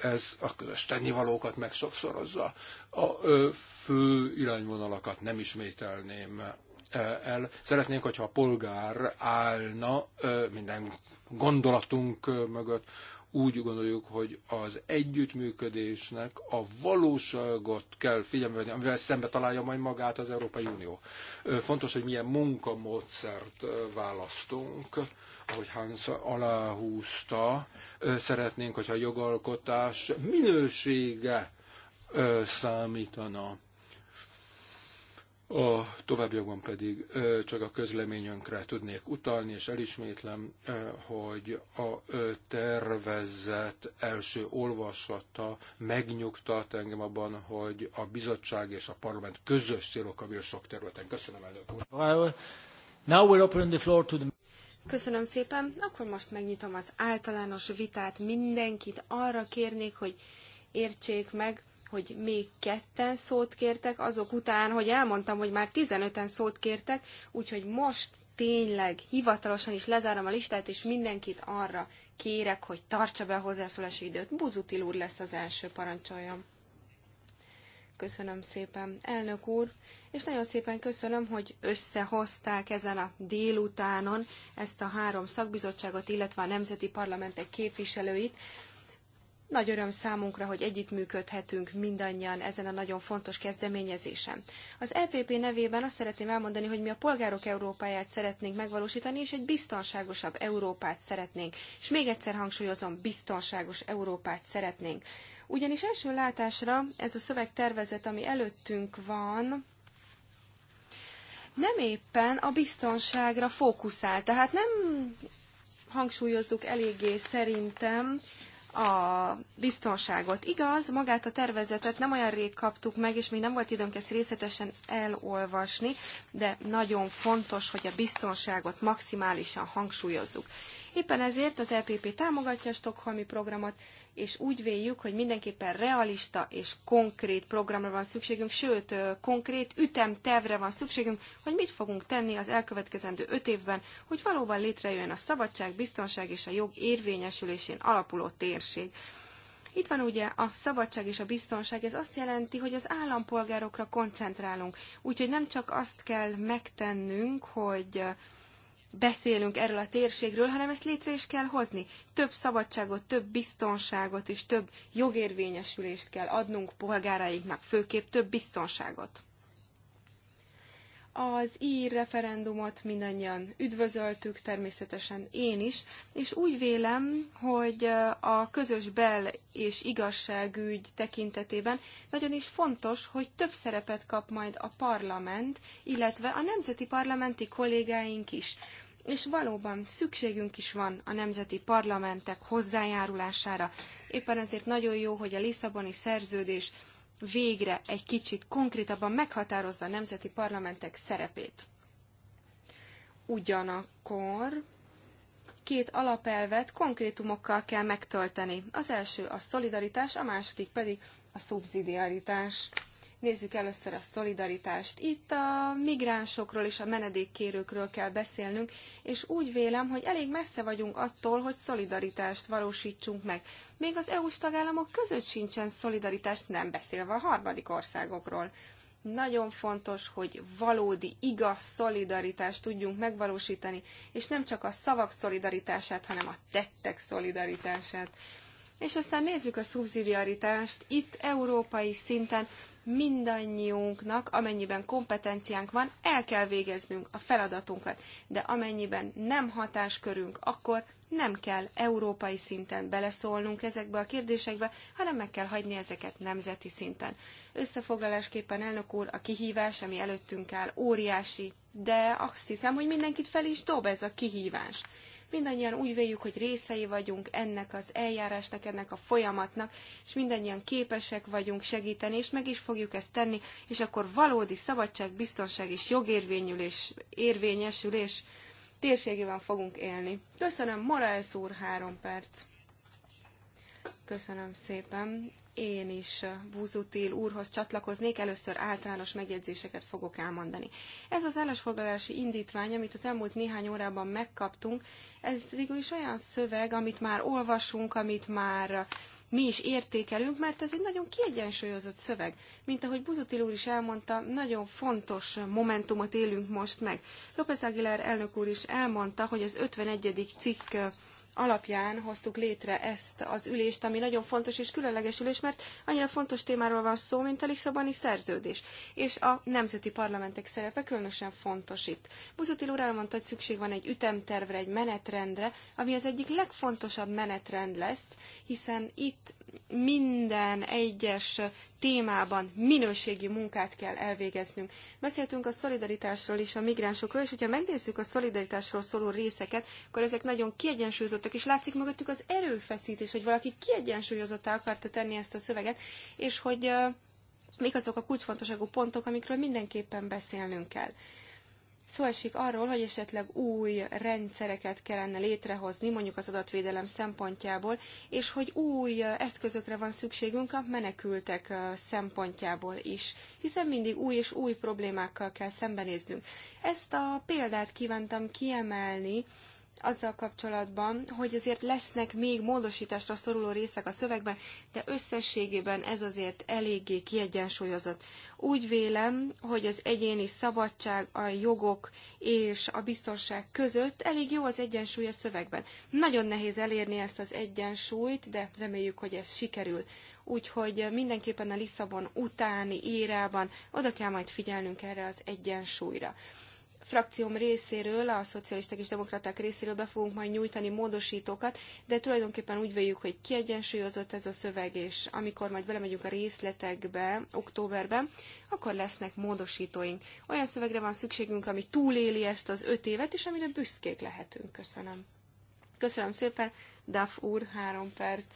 ez a közös tennivalókat megsokszorozza. A fő irányvonalakat nem ismételném el. Szeretnénk, hogyha a polgár állna minden gondolatunk mögött, úgy gondoljuk, hogy az együttműködésnek a valóságot kell figyelmevenni, amivel szembe találja majd magát az Európai Unió. Fontos, hogy milyen munkamódszert választunk ahogy Hans aláhúzta, szeretnénk, hogyha a jogalkotás minősége számítana. A továbbiakban pedig csak a közleményünkre tudnék utalni, és elismétlem, hogy a tervezett első olvasata megnyugtat engem abban, hogy a bizottság és a parlament közös célok a sok területen. Köszönöm, elnök úr. Now we're opening the floor to the... Köszönöm szépen. Akkor most megnyitom az általános vitát. Mindenkit arra kérnék, hogy értsék meg, hogy még ketten szót kértek, azok után, hogy elmondtam, hogy már 15-en szót kértek, úgyhogy most tényleg hivatalosan is lezárom a listát, és mindenkit arra kérek, hogy tartsa be a hozzászólási időt. Buzutil úr lesz az első, parancsoljam. Köszönöm szépen, elnök úr, és nagyon szépen köszönöm, hogy összehozták ezen a délutánon ezt a három szakbizottságot, illetve a nemzeti parlamentek képviselőit. Nagy öröm számunkra, hogy együttműködhetünk mindannyian ezen a nagyon fontos kezdeményezésen. Az EPP nevében azt szeretném elmondani, hogy mi a polgárok Európáját szeretnénk megvalósítani, és egy biztonságosabb Európát szeretnénk. És még egyszer hangsúlyozom, biztonságos Európát szeretnénk. Ugyanis első látásra ez a szövegtervezet, ami előttünk van, nem éppen a biztonságra fókuszál. Tehát nem hangsúlyozzuk eléggé szerintem a biztonságot. Igaz, magát a tervezetet nem olyan rég kaptuk meg, és még nem volt időnk ezt részletesen elolvasni, de nagyon fontos, hogy a biztonságot maximálisan hangsúlyozzuk. Éppen ezért az EPP támogatja a Stockholmi programot, és úgy véljük, hogy mindenképpen realista és konkrét programra van szükségünk, sőt, konkrét ütemtevre van szükségünk, hogy mit fogunk tenni az elkövetkezendő öt évben, hogy valóban létrejöjjön a szabadság, biztonság és a jog érvényesülésén alapuló térség. Itt van ugye a szabadság és a biztonság, ez azt jelenti, hogy az állampolgárokra koncentrálunk. Úgyhogy nem csak azt kell megtennünk, hogy beszélünk erről a térségről, hanem ezt létre is kell hozni. Több szabadságot, több biztonságot és több jogérvényesülést kell adnunk polgárainknak, főképp több biztonságot. Az ír referendumot mindannyian üdvözöltük, természetesen én is, és úgy vélem, hogy a közös bel- és igazságügy tekintetében nagyon is fontos, hogy több szerepet kap majd a parlament, illetve a nemzeti parlamenti kollégáink is és valóban szükségünk is van a nemzeti parlamentek hozzájárulására. Éppen ezért nagyon jó, hogy a Lisszaboni szerződés végre egy kicsit konkrétabban meghatározza a nemzeti parlamentek szerepét. Ugyanakkor két alapelvet konkrétumokkal kell megtölteni. Az első a szolidaritás, a második pedig a szubszidiaritás. Nézzük először a szolidaritást. Itt a migránsokról és a menedékkérőkről kell beszélnünk, és úgy vélem, hogy elég messze vagyunk attól, hogy szolidaritást valósítsunk meg. Még az EU-s tagállamok között sincsen szolidaritást, nem beszélve a harmadik országokról nagyon fontos, hogy valódi, igaz szolidaritást tudjunk megvalósítani, és nem csak a szavak szolidaritását, hanem a tettek szolidaritását. És aztán nézzük a szubszidiaritást. Itt európai szinten mindannyiunknak, amennyiben kompetenciánk van, el kell végeznünk a feladatunkat, de amennyiben nem hatáskörünk, akkor nem kell európai szinten beleszólnunk ezekbe a kérdésekbe, hanem meg kell hagyni ezeket nemzeti szinten. Összefoglalásképpen, elnök úr, a kihívás, ami előttünk áll, óriási, de azt hiszem, hogy mindenkit fel is dob ez a kihívás. Mindannyian úgy véljük, hogy részei vagyunk ennek az eljárásnak, ennek a folyamatnak, és mindannyian képesek vagyunk segíteni, és meg is fogjuk ezt tenni, és akkor valódi szabadság, biztonság és jogérvényülés, érvényesülés térségében fogunk élni. Köszönöm, Morales úr, három perc. Köszönöm szépen, én is eh, Búzutil úrhoz csatlakoznék, először általános megjegyzéseket fogok elmondani. Ez az állásfoglalási indítvány, amit az elmúlt néhány órában megkaptunk, ez végül is olyan szöveg, amit már olvasunk, amit már eh, mi is értékelünk, mert ez egy nagyon kiegyensúlyozott szöveg. Mint ahogy Buzutil úr is elmondta, nagyon fontos momentumot élünk most meg. López Aguilar elnök úr is elmondta, hogy az 51. cikk eh, alapján hoztuk létre ezt az ülést, ami nagyon fontos és különleges ülés, mert annyira fontos témáról van szó, mint a Lisszaboni szerződés. És a nemzeti parlamentek szerepe különösen fontos itt. Buzotil úr elmondta, hogy szükség van egy ütemtervre, egy menetrendre, ami az egyik legfontosabb menetrend lesz, hiszen itt minden egyes témában minőségi munkát kell elvégeznünk. Beszéltünk a szolidaritásról és a migránsokról, és hogyha megnézzük a szolidaritásról szóló részeket, akkor ezek nagyon kiegyensúlyozottak, és látszik mögöttük az erőfeszítés, hogy valaki kiegyensúlyozottá akarta tenni ezt a szöveget, és hogy mik azok a kulcsfontosságú pontok, amikről mindenképpen beszélnünk kell. Szó esik arról, hogy esetleg új rendszereket kellene létrehozni, mondjuk az adatvédelem szempontjából, és hogy új eszközökre van szükségünk a menekültek szempontjából is, hiszen mindig új és új problémákkal kell szembenéznünk. Ezt a példát kívántam kiemelni, azzal kapcsolatban, hogy azért lesznek még módosításra szoruló részek a szövegben, de összességében ez azért eléggé kiegyensúlyozott. Úgy vélem, hogy az egyéni szabadság, a jogok és a biztonság között elég jó az egyensúly a szövegben. Nagyon nehéz elérni ezt az egyensúlyt, de reméljük, hogy ez sikerül. Úgyhogy mindenképpen a Lisszabon utáni írában oda kell majd figyelnünk erre az egyensúlyra frakcióm részéről, a szocialisták és demokraták részéről be fogunk majd nyújtani módosítókat, de tulajdonképpen úgy véljük, hogy kiegyensúlyozott ez a szöveg, és amikor majd belemegyünk a részletekbe októberben, akkor lesznek módosítóink. Olyan szövegre van szükségünk, ami túléli ezt az öt évet, és amire büszkék lehetünk. Köszönöm. Köszönöm szépen. Daf úr, három perc.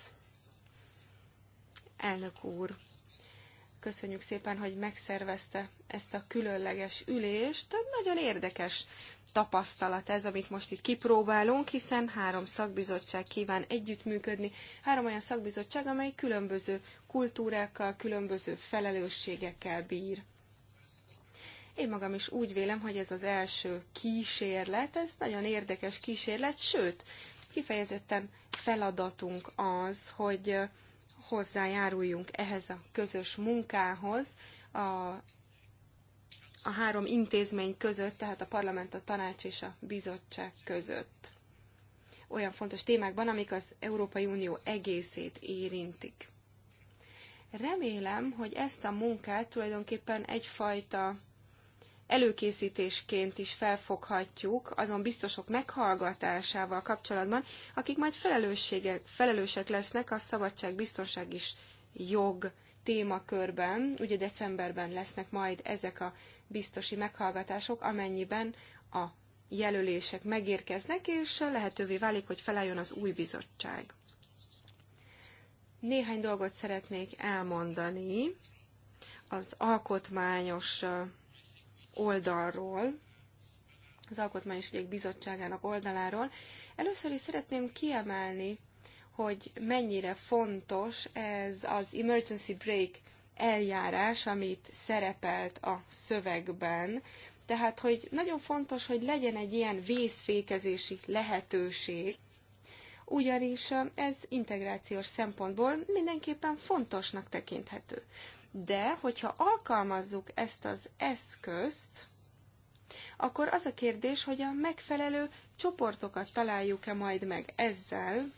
Elnök úr. Köszönjük szépen, hogy megszervezte ezt a különleges ülést. Nagyon érdekes tapasztalat ez, amit most itt kipróbálunk, hiszen három szakbizottság kíván együttműködni, három olyan szakbizottság, amely különböző kultúrákkal, különböző felelősségekkel bír. Én magam is úgy vélem, hogy ez az első kísérlet, ez nagyon érdekes kísérlet, sőt, kifejezetten feladatunk az, hogy hozzájáruljunk ehhez a közös munkához, a, a három intézmény között, tehát a parlament, a tanács és a bizottság között. Olyan fontos témákban, amik az Európai Unió egészét érintik. Remélem, hogy ezt a munkát tulajdonképpen egyfajta előkészítésként is felfoghatjuk azon biztosok meghallgatásával kapcsolatban, akik majd felelősek lesznek a szabadság, biztonság és jog témakörben. Ugye decemberben lesznek majd ezek a biztosi meghallgatások, amennyiben a jelölések megérkeznek, és lehetővé válik, hogy felálljon az új bizottság. Néhány dolgot szeretnék elmondani az alkotmányos oldalról, az Alkotmányos Ügyek Bizottságának oldaláról. Először is szeretném kiemelni, hogy mennyire fontos ez az emergency break eljárás, amit szerepelt a szövegben. Tehát, hogy nagyon fontos, hogy legyen egy ilyen vészfékezési lehetőség, ugyanis ez integrációs szempontból mindenképpen fontosnak tekinthető de hogyha alkalmazzuk ezt az eszközt, akkor az a kérdés, hogy a megfelelő csoportokat találjuk-e majd meg ezzel,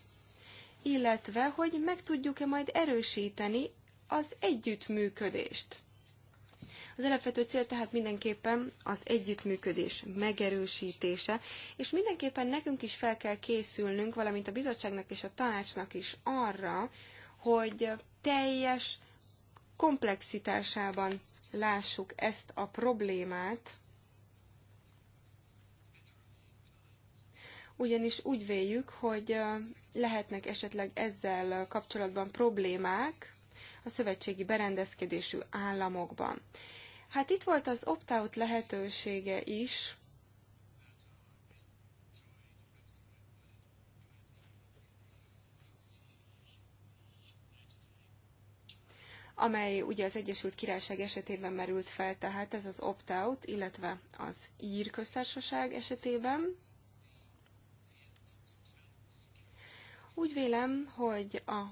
illetve hogy meg tudjuk-e majd erősíteni az együttműködést. Az alapvető cél tehát mindenképpen az együttműködés megerősítése, és mindenképpen nekünk is fel kell készülnünk, valamint a bizottságnak és a tanácsnak is arra, hogy teljes komplexitásában lássuk ezt a problémát, ugyanis úgy véljük, hogy lehetnek esetleg ezzel kapcsolatban problémák a szövetségi berendezkedésű államokban. Hát itt volt az opt-out lehetősége is, amely ugye az Egyesült Királyság esetében merült fel, tehát ez az opt-out, illetve az ír köztársaság esetében. Úgy vélem, hogy a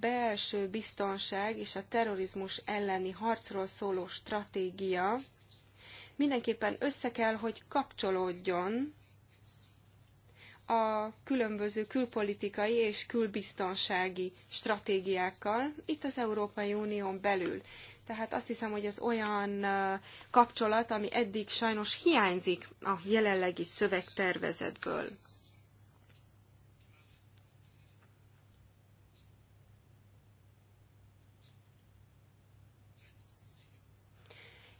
belső biztonság és a terrorizmus elleni harcról szóló stratégia mindenképpen össze kell, hogy kapcsolódjon a különböző külpolitikai és külbiztonsági stratégiákkal itt az Európai Unión belül. Tehát azt hiszem, hogy ez olyan kapcsolat, ami eddig sajnos hiányzik a jelenlegi szövegtervezetből.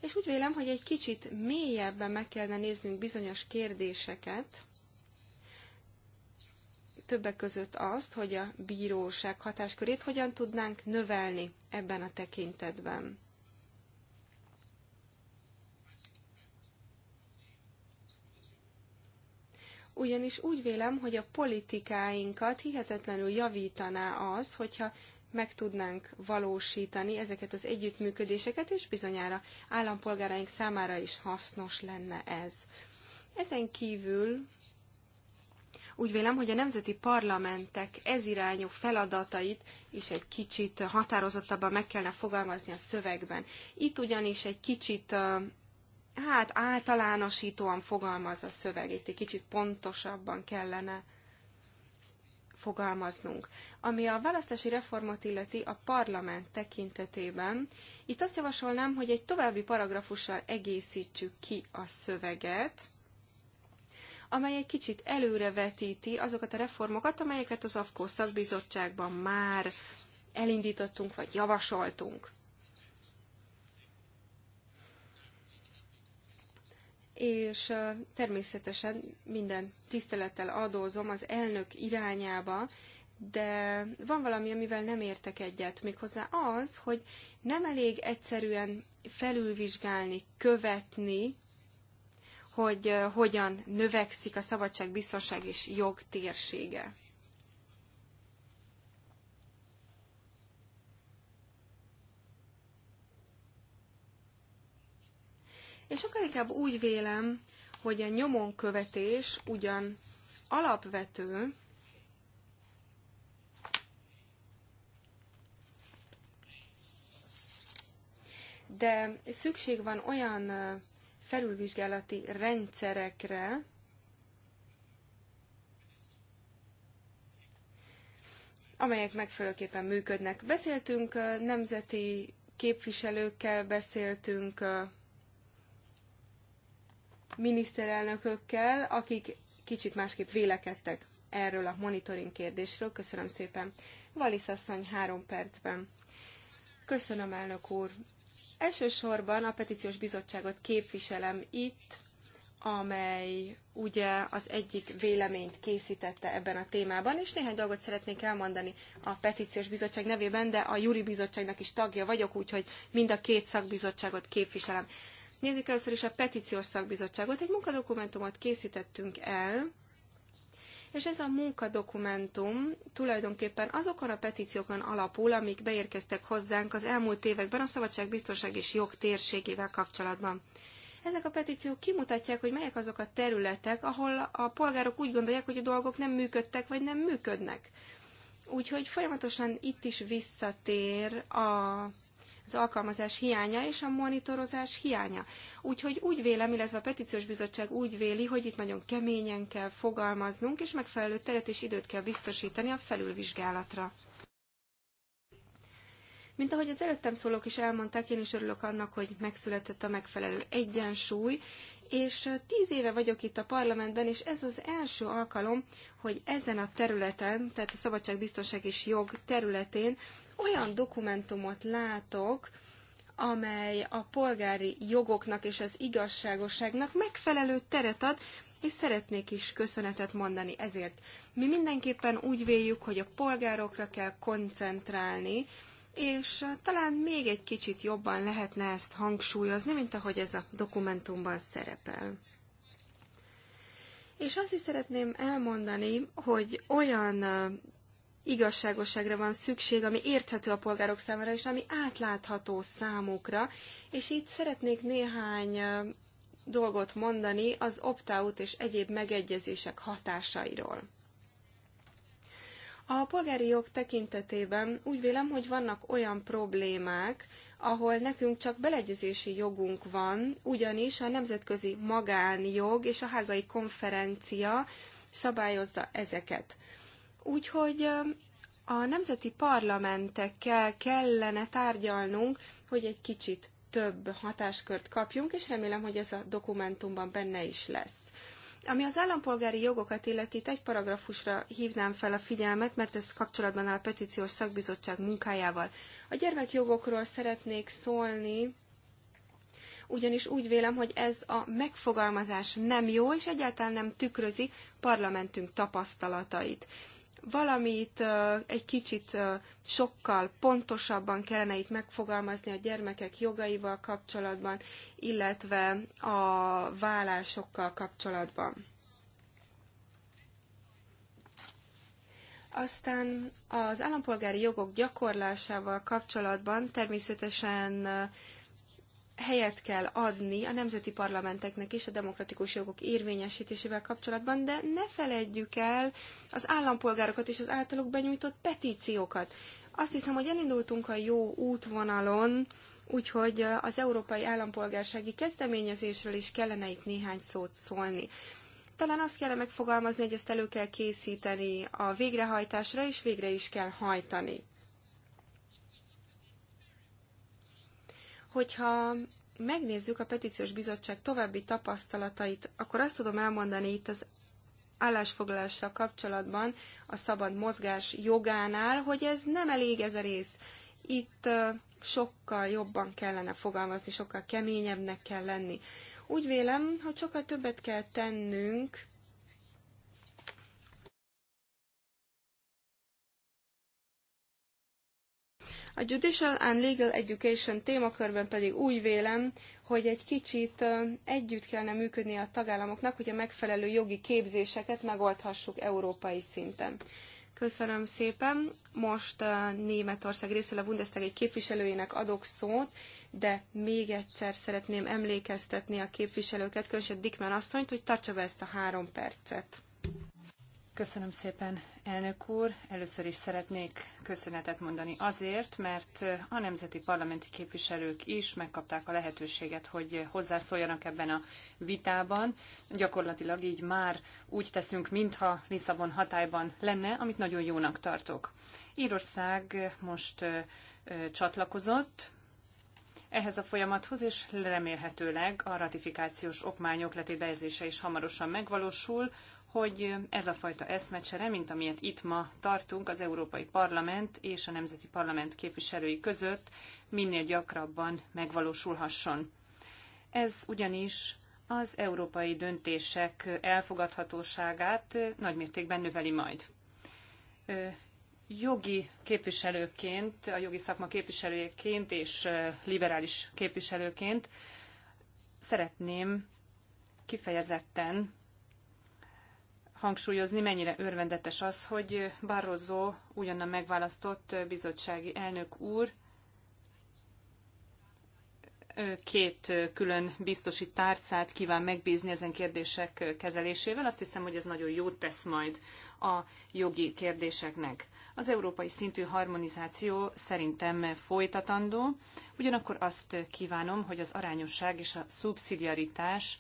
És úgy vélem, hogy egy kicsit mélyebben meg kellene néznünk bizonyos kérdéseket, többek között azt, hogy a bíróság hatáskörét hogyan tudnánk növelni ebben a tekintetben. Ugyanis úgy vélem, hogy a politikáinkat hihetetlenül javítaná az, hogyha meg tudnánk valósítani ezeket az együttműködéseket, és bizonyára állampolgáraink számára is hasznos lenne ez. Ezen kívül úgy vélem, hogy a nemzeti parlamentek ez irányú feladatait is egy kicsit határozottabban meg kellene fogalmazni a szövegben. Itt ugyanis egy kicsit hát általánosítóan fogalmaz a szöveg, itt egy kicsit pontosabban kellene fogalmaznunk. Ami a választási reformot illeti a parlament tekintetében, itt azt javasolnám, hogy egy további paragrafussal egészítsük ki a szöveget, amely egy kicsit előrevetíti azokat a reformokat, amelyeket az AFKO szakbizottságban már elindítottunk vagy javasoltunk. és természetesen minden tisztelettel adózom az elnök irányába, de van valami, amivel nem értek egyet, méghozzá az, hogy nem elég egyszerűen felülvizsgálni, követni hogy hogyan növekszik a szabadság, biztonság és jog térsége. És sokkal inkább úgy vélem, hogy a nyomon követés ugyan alapvető, de szükség van olyan felülvizsgálati rendszerekre, amelyek megfelelőképpen működnek. Beszéltünk nemzeti képviselőkkel, beszéltünk miniszterelnökökkel, akik kicsit másképp vélekedtek erről a monitoring kérdésről. Köszönöm szépen. Valisz asszony három percben. Köszönöm, elnök úr. Elsősorban a petíciós bizottságot képviselem itt, amely ugye az egyik véleményt készítette ebben a témában, és néhány dolgot szeretnék elmondani a petíciós bizottság nevében, de a júri bizottságnak is tagja vagyok, úgyhogy mind a két szakbizottságot képviselem. Nézzük először is a petíciós szakbizottságot. Egy munkadokumentumot készítettünk el, és ez a munkadokumentum tulajdonképpen azokon a petíciókon alapul, amik beérkeztek hozzánk az elmúlt években a szabadság, biztonság és jog térségével kapcsolatban. Ezek a petíciók kimutatják, hogy melyek azok a területek, ahol a polgárok úgy gondolják, hogy a dolgok nem működtek, vagy nem működnek. Úgyhogy folyamatosan itt is visszatér a az alkalmazás hiánya és a monitorozás hiánya. Úgyhogy úgy vélem, illetve a petíciós bizottság úgy véli, hogy itt nagyon keményen kell fogalmaznunk, és megfelelő teret és időt kell biztosítani a felülvizsgálatra. Mint ahogy az előttem szólók is elmondták, én is örülök annak, hogy megszületett a megfelelő egyensúly, és tíz éve vagyok itt a parlamentben, és ez az első alkalom, hogy ezen a területen, tehát a szabadságbiztonság és jog területén olyan dokumentumot látok, amely a polgári jogoknak és az igazságosságnak megfelelő teret ad, és szeretnék is köszönetet mondani ezért. Mi mindenképpen úgy véljük, hogy a polgárokra kell koncentrálni, és talán még egy kicsit jobban lehetne ezt hangsúlyozni, mint ahogy ez a dokumentumban szerepel. És azt is szeretném elmondani, hogy olyan igazságosságra van szükség, ami érthető a polgárok számára, és ami átlátható számukra. És itt szeretnék néhány dolgot mondani az opt-out és egyéb megegyezések hatásairól. A polgári jog tekintetében úgy vélem, hogy vannak olyan problémák, ahol nekünk csak beleegyezési jogunk van, ugyanis a nemzetközi magánjog és a hágai konferencia szabályozza ezeket. Úgyhogy a nemzeti parlamentekkel kellene tárgyalnunk, hogy egy kicsit több hatáskört kapjunk, és remélem, hogy ez a dokumentumban benne is lesz. Ami az állampolgári jogokat illeti, egy paragrafusra hívnám fel a figyelmet, mert ez kapcsolatban áll a petíciós szakbizottság munkájával. A gyermekjogokról szeretnék szólni, ugyanis úgy vélem, hogy ez a megfogalmazás nem jó, és egyáltalán nem tükrözi parlamentünk tapasztalatait valamit egy kicsit sokkal pontosabban kellene itt megfogalmazni a gyermekek jogaival kapcsolatban, illetve a vállásokkal kapcsolatban. Aztán az állampolgári jogok gyakorlásával kapcsolatban természetesen helyet kell adni a nemzeti parlamenteknek is a demokratikus jogok érvényesítésével kapcsolatban, de ne feledjük el az állampolgárokat és az általuk benyújtott petíciókat. Azt hiszem, hogy elindultunk a jó útvonalon, úgyhogy az európai állampolgársági kezdeményezésről is kellene itt néhány szót szólni. Talán azt kellene megfogalmazni, hogy ezt elő kell készíteni a végrehajtásra, és végre is kell hajtani. Hogyha megnézzük a petíciós bizottság további tapasztalatait, akkor azt tudom elmondani itt az állásfoglalással kapcsolatban a szabad mozgás jogánál, hogy ez nem elég ez a rész. Itt sokkal jobban kellene fogalmazni, sokkal keményebbnek kell lenni. Úgy vélem, hogy sokkal többet kell tennünk A Judicial and Legal Education témakörben pedig úgy vélem, hogy egy kicsit együtt kellene működni a tagállamoknak, hogy a megfelelő jogi képzéseket megoldhassuk európai szinten. Köszönöm szépen. Most Németország részéről a Bundestag egy képviselőjének adok szót, de még egyszer szeretném emlékeztetni a képviselőket, különösen Dickmann asszonyt, hogy tartsa be ezt a három percet. Köszönöm szépen, elnök úr. Először is szeretnék köszönetet mondani azért, mert a nemzeti parlamenti képviselők is megkapták a lehetőséget, hogy hozzászóljanak ebben a vitában. Gyakorlatilag így már úgy teszünk, mintha Lisszabon hatályban lenne, amit nagyon jónak tartok. Írország most csatlakozott, ehhez a folyamathoz, és remélhetőleg a ratifikációs okmányok letébejezése is hamarosan megvalósul, hogy ez a fajta eszmecsere, mint amilyet itt ma tartunk az Európai Parlament és a Nemzeti Parlament képviselői között, minél gyakrabban megvalósulhasson. Ez ugyanis az európai döntések elfogadhatóságát nagymértékben növeli majd. Jogi képviselőként, a jogi szakma képviselőjeként és liberális képviselőként szeretném kifejezetten hangsúlyozni, mennyire örvendetes az, hogy Barroso újonnan megválasztott bizottsági elnök úr két külön biztosi tárcát kíván megbízni ezen kérdések kezelésével. Azt hiszem, hogy ez nagyon jót tesz majd a jogi kérdéseknek. Az európai szintű harmonizáció szerintem folytatandó, ugyanakkor azt kívánom, hogy az arányosság és a szubszidiaritás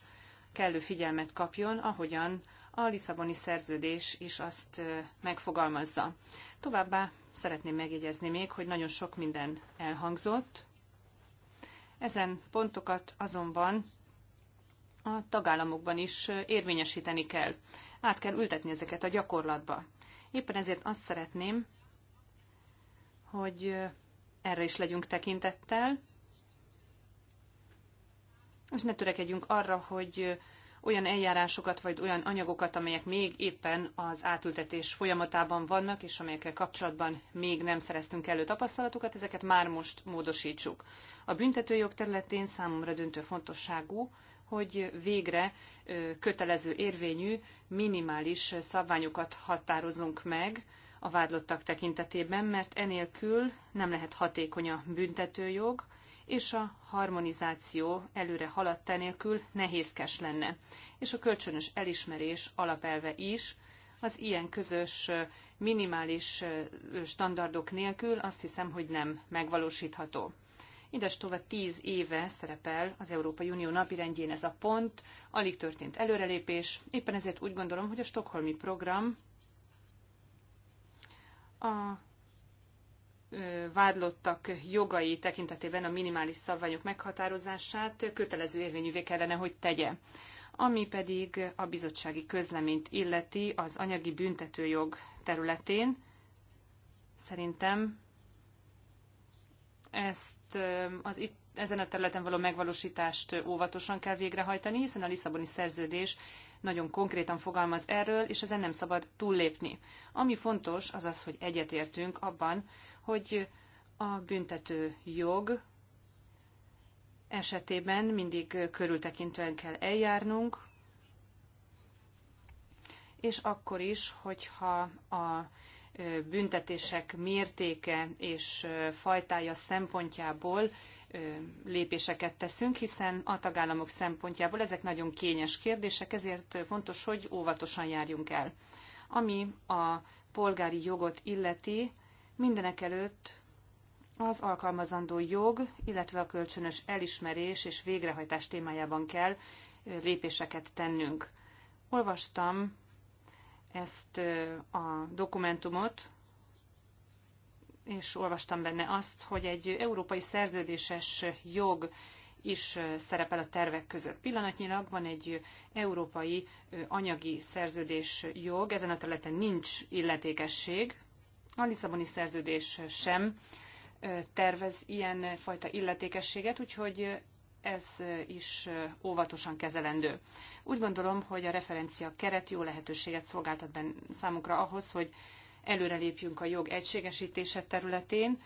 kellő figyelmet kapjon, ahogyan a Lisszaboni szerződés is azt megfogalmazza. Továbbá szeretném megjegyezni még, hogy nagyon sok minden elhangzott. Ezen pontokat azonban a tagállamokban is érvényesíteni kell. Át kell ültetni ezeket a gyakorlatba. Éppen ezért azt szeretném, hogy erre is legyünk tekintettel, és ne törekedjünk arra, hogy olyan eljárásokat vagy olyan anyagokat, amelyek még éppen az átültetés folyamatában vannak, és amelyekkel kapcsolatban még nem szereztünk elő tapasztalatokat, ezeket már most módosítsuk. A büntetőjog területén számomra döntő fontosságú, hogy végre kötelező érvényű, minimális szabványokat határozzunk meg a vádlottak tekintetében, mert enélkül nem lehet hatékony a büntetőjog, és a harmonizáció előre haladta nélkül nehézkes lenne, és a kölcsönös elismerés alapelve is, az ilyen közös minimális standardok nélkül azt hiszem, hogy nem megvalósítható. Idestova tíz éve szerepel az Európai Unió napirendjén ez a pont, alig történt előrelépés, éppen ezért úgy gondolom, hogy a Stockholmi program a vádlottak jogai tekintetében a minimális szabványok meghatározását kötelező érvényűvé kellene, hogy tegye. Ami pedig a bizottsági közleményt illeti az anyagi büntetőjog területén, szerintem ezt az itt ezen a területen való megvalósítást óvatosan kell végrehajtani, hiszen a Lisszaboni szerződés nagyon konkrétan fogalmaz erről, és ezen nem szabad túllépni. Ami fontos, az az, hogy egyetértünk abban, hogy a büntető jog esetében mindig körültekintően kell eljárnunk, és akkor is, hogyha a büntetések mértéke és fajtája szempontjából lépéseket teszünk, hiszen a tagállamok szempontjából ezek nagyon kényes kérdések, ezért fontos, hogy óvatosan járjunk el. Ami a polgári jogot illeti, mindenek előtt az alkalmazandó jog, illetve a kölcsönös elismerés és végrehajtás témájában kell lépéseket tennünk. Olvastam ezt a dokumentumot, és olvastam benne azt, hogy egy európai szerződéses jog is szerepel a tervek között. Pillanatnyilag van egy európai anyagi szerződés jog, ezen a területen nincs illetékesség, a Lisszaboni szerződés sem tervez ilyen fajta illetékességet, úgyhogy ez is óvatosan kezelendő. Úgy gondolom, hogy a referencia keret jó lehetőséget szolgáltat ben számunkra ahhoz, hogy előrelépjünk a jog egységesítése területén.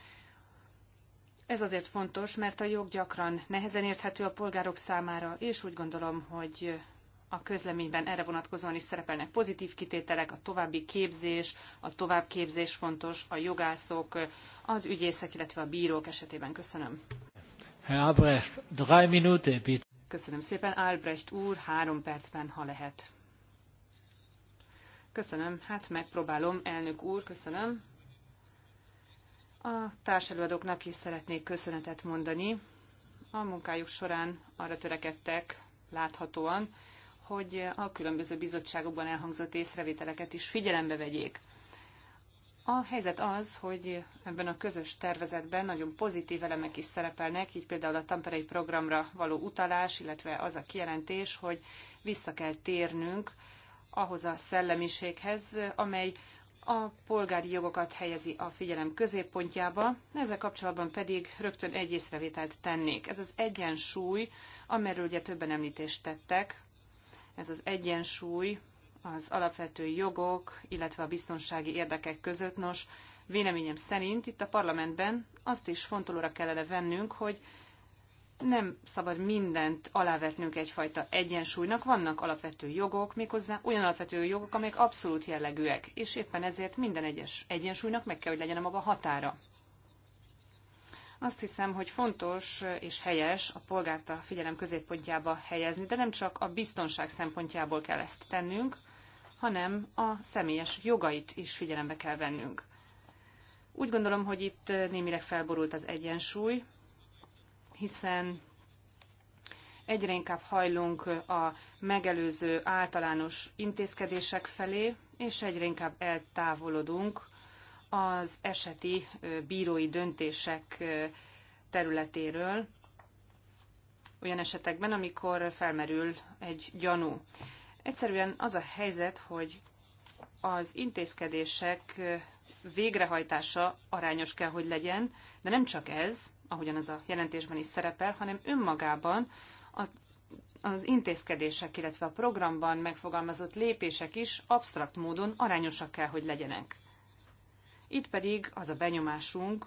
Ez azért fontos, mert a jog gyakran nehezen érthető a polgárok számára, és úgy gondolom, hogy a közleményben erre vonatkozóan is szerepelnek pozitív kitételek, a további képzés, a továbbképzés fontos, a jogászok, az ügyészek, illetve a bírók esetében. Köszönöm. Herr Albrecht, drei bitte. Köszönöm szépen, Albrecht úr, három percben, ha lehet. Köszönöm, hát megpróbálom, elnök úr, köszönöm. A társadalmadóknak is szeretnék köszönetet mondani. A munkájuk során arra törekedtek láthatóan, hogy a különböző bizottságokban elhangzott észrevételeket is figyelembe vegyék. A helyzet az, hogy ebben a közös tervezetben nagyon pozitív elemek is szerepelnek, így például a Tamperei programra való utalás, illetve az a kijelentés, hogy vissza kell térnünk ahhoz a szellemiséghez, amely a polgári jogokat helyezi a figyelem középpontjába, ezzel kapcsolatban pedig rögtön egy észrevételt tennék. Ez az egyensúly, amiről ugye többen említést tettek, ez az egyensúly az alapvető jogok, illetve a biztonsági érdekek között. Nos, véleményem szerint itt a parlamentben azt is fontolóra kellene vennünk, hogy nem szabad mindent alávetnünk egyfajta egyensúlynak. Vannak alapvető jogok, méghozzá olyan alapvető jogok, amelyek abszolút jellegűek, és éppen ezért minden egyes egyensúlynak meg kell, hogy legyen a maga határa. Azt hiszem, hogy fontos és helyes a polgárt a figyelem középpontjába helyezni, de nem csak a biztonság szempontjából kell ezt tennünk, hanem a személyes jogait is figyelembe kell vennünk. Úgy gondolom, hogy itt némileg felborult az egyensúly, hiszen egyre inkább hajlunk a megelőző általános intézkedések felé, és egyre inkább eltávolodunk az eseti bírói döntések területéről, olyan esetekben, amikor felmerül egy gyanú. Egyszerűen az a helyzet, hogy az intézkedések végrehajtása arányos kell, hogy legyen, de nem csak ez, ahogyan az a jelentésben is szerepel, hanem önmagában a, az intézkedések, illetve a programban megfogalmazott lépések is absztrakt módon arányosak kell, hogy legyenek. Itt pedig az a benyomásunk,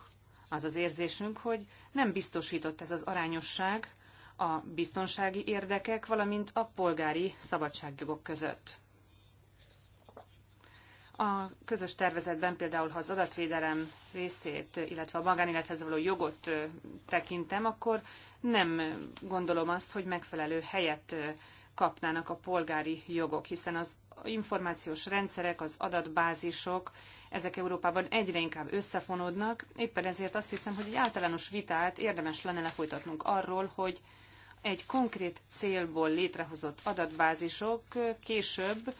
az az érzésünk, hogy nem biztosított ez az arányosság a biztonsági érdekek, valamint a polgári szabadságjogok között. A közös tervezetben például, ha az adatvédelem részét, illetve a magánélethez való jogot tekintem, akkor nem gondolom azt, hogy megfelelő helyet kapnának a polgári jogok, hiszen az információs rendszerek, az adatbázisok, ezek Európában egyre inkább összefonódnak. Éppen ezért azt hiszem, hogy egy általános vitát érdemes lenne lefolytatnunk arról, hogy egy konkrét célból létrehozott adatbázisok később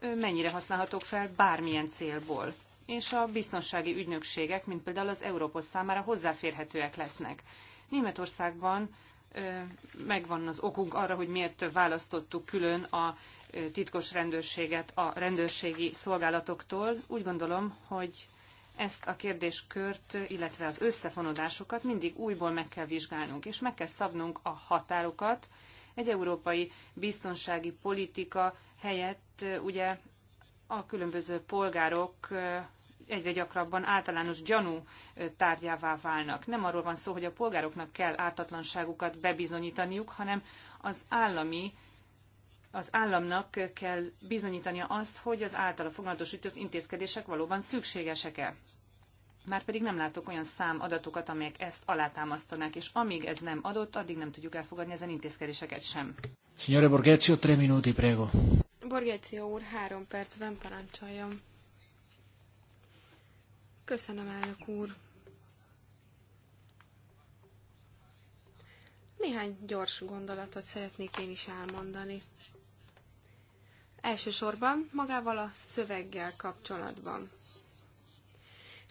mennyire használhatók fel bármilyen célból. És a biztonsági ügynökségek, mint például az Európos számára hozzáférhetőek lesznek. Németországban megvan az okunk arra, hogy miért választottuk külön a titkos rendőrséget a rendőrségi szolgálatoktól. Úgy gondolom, hogy ezt a kérdéskört, illetve az összefonodásokat mindig újból meg kell vizsgálnunk, és meg kell szabnunk a határokat egy európai biztonsági politika helyett ugye a különböző polgárok egyre gyakrabban általános gyanú tárgyává válnak. Nem arról van szó, hogy a polgároknak kell ártatlanságukat bebizonyítaniuk, hanem az állami az államnak kell bizonyítania azt, hogy az általa foglalatosított intézkedések valóban szükségesek-e. Márpedig nem látok olyan szám adatokat, amelyek ezt alátámasztanák, és amíg ez nem adott, addig nem tudjuk elfogadni ezen intézkedéseket sem. Signore Borghezio, tre minuti, prego. Borgéció úr, három percben parancsoljam. Köszönöm, elnök úr. Néhány gyors gondolatot szeretnék én is elmondani. Elsősorban magával a szöveggel kapcsolatban.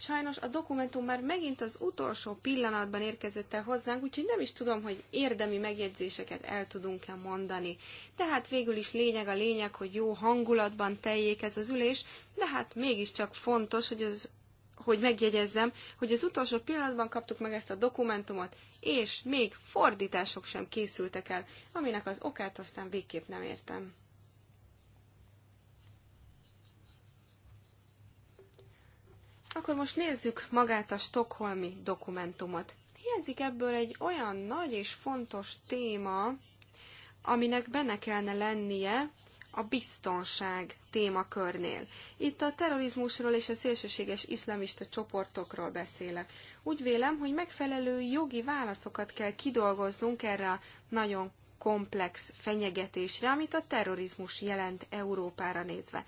Sajnos a dokumentum már megint az utolsó pillanatban érkezett el hozzánk, úgyhogy nem is tudom, hogy érdemi megjegyzéseket el tudunk-e mondani. Tehát végül is lényeg a lényeg, hogy jó hangulatban teljék ez az ülés, de hát mégiscsak fontos, hogy az hogy megjegyezzem, hogy az utolsó pillanatban kaptuk meg ezt a dokumentumot, és még fordítások sem készültek el, aminek az okát aztán végképp nem értem. Akkor most nézzük magát a stokholmi dokumentumot. Hiányzik ebből egy olyan nagy és fontos téma, aminek benne kellene lennie a biztonság témakörnél. Itt a terrorizmusról és a szélsőséges iszlamista csoportokról beszélek. Úgy vélem, hogy megfelelő jogi válaszokat kell kidolgoznunk erre a nagyon komplex fenyegetésre, amit a terrorizmus jelent Európára nézve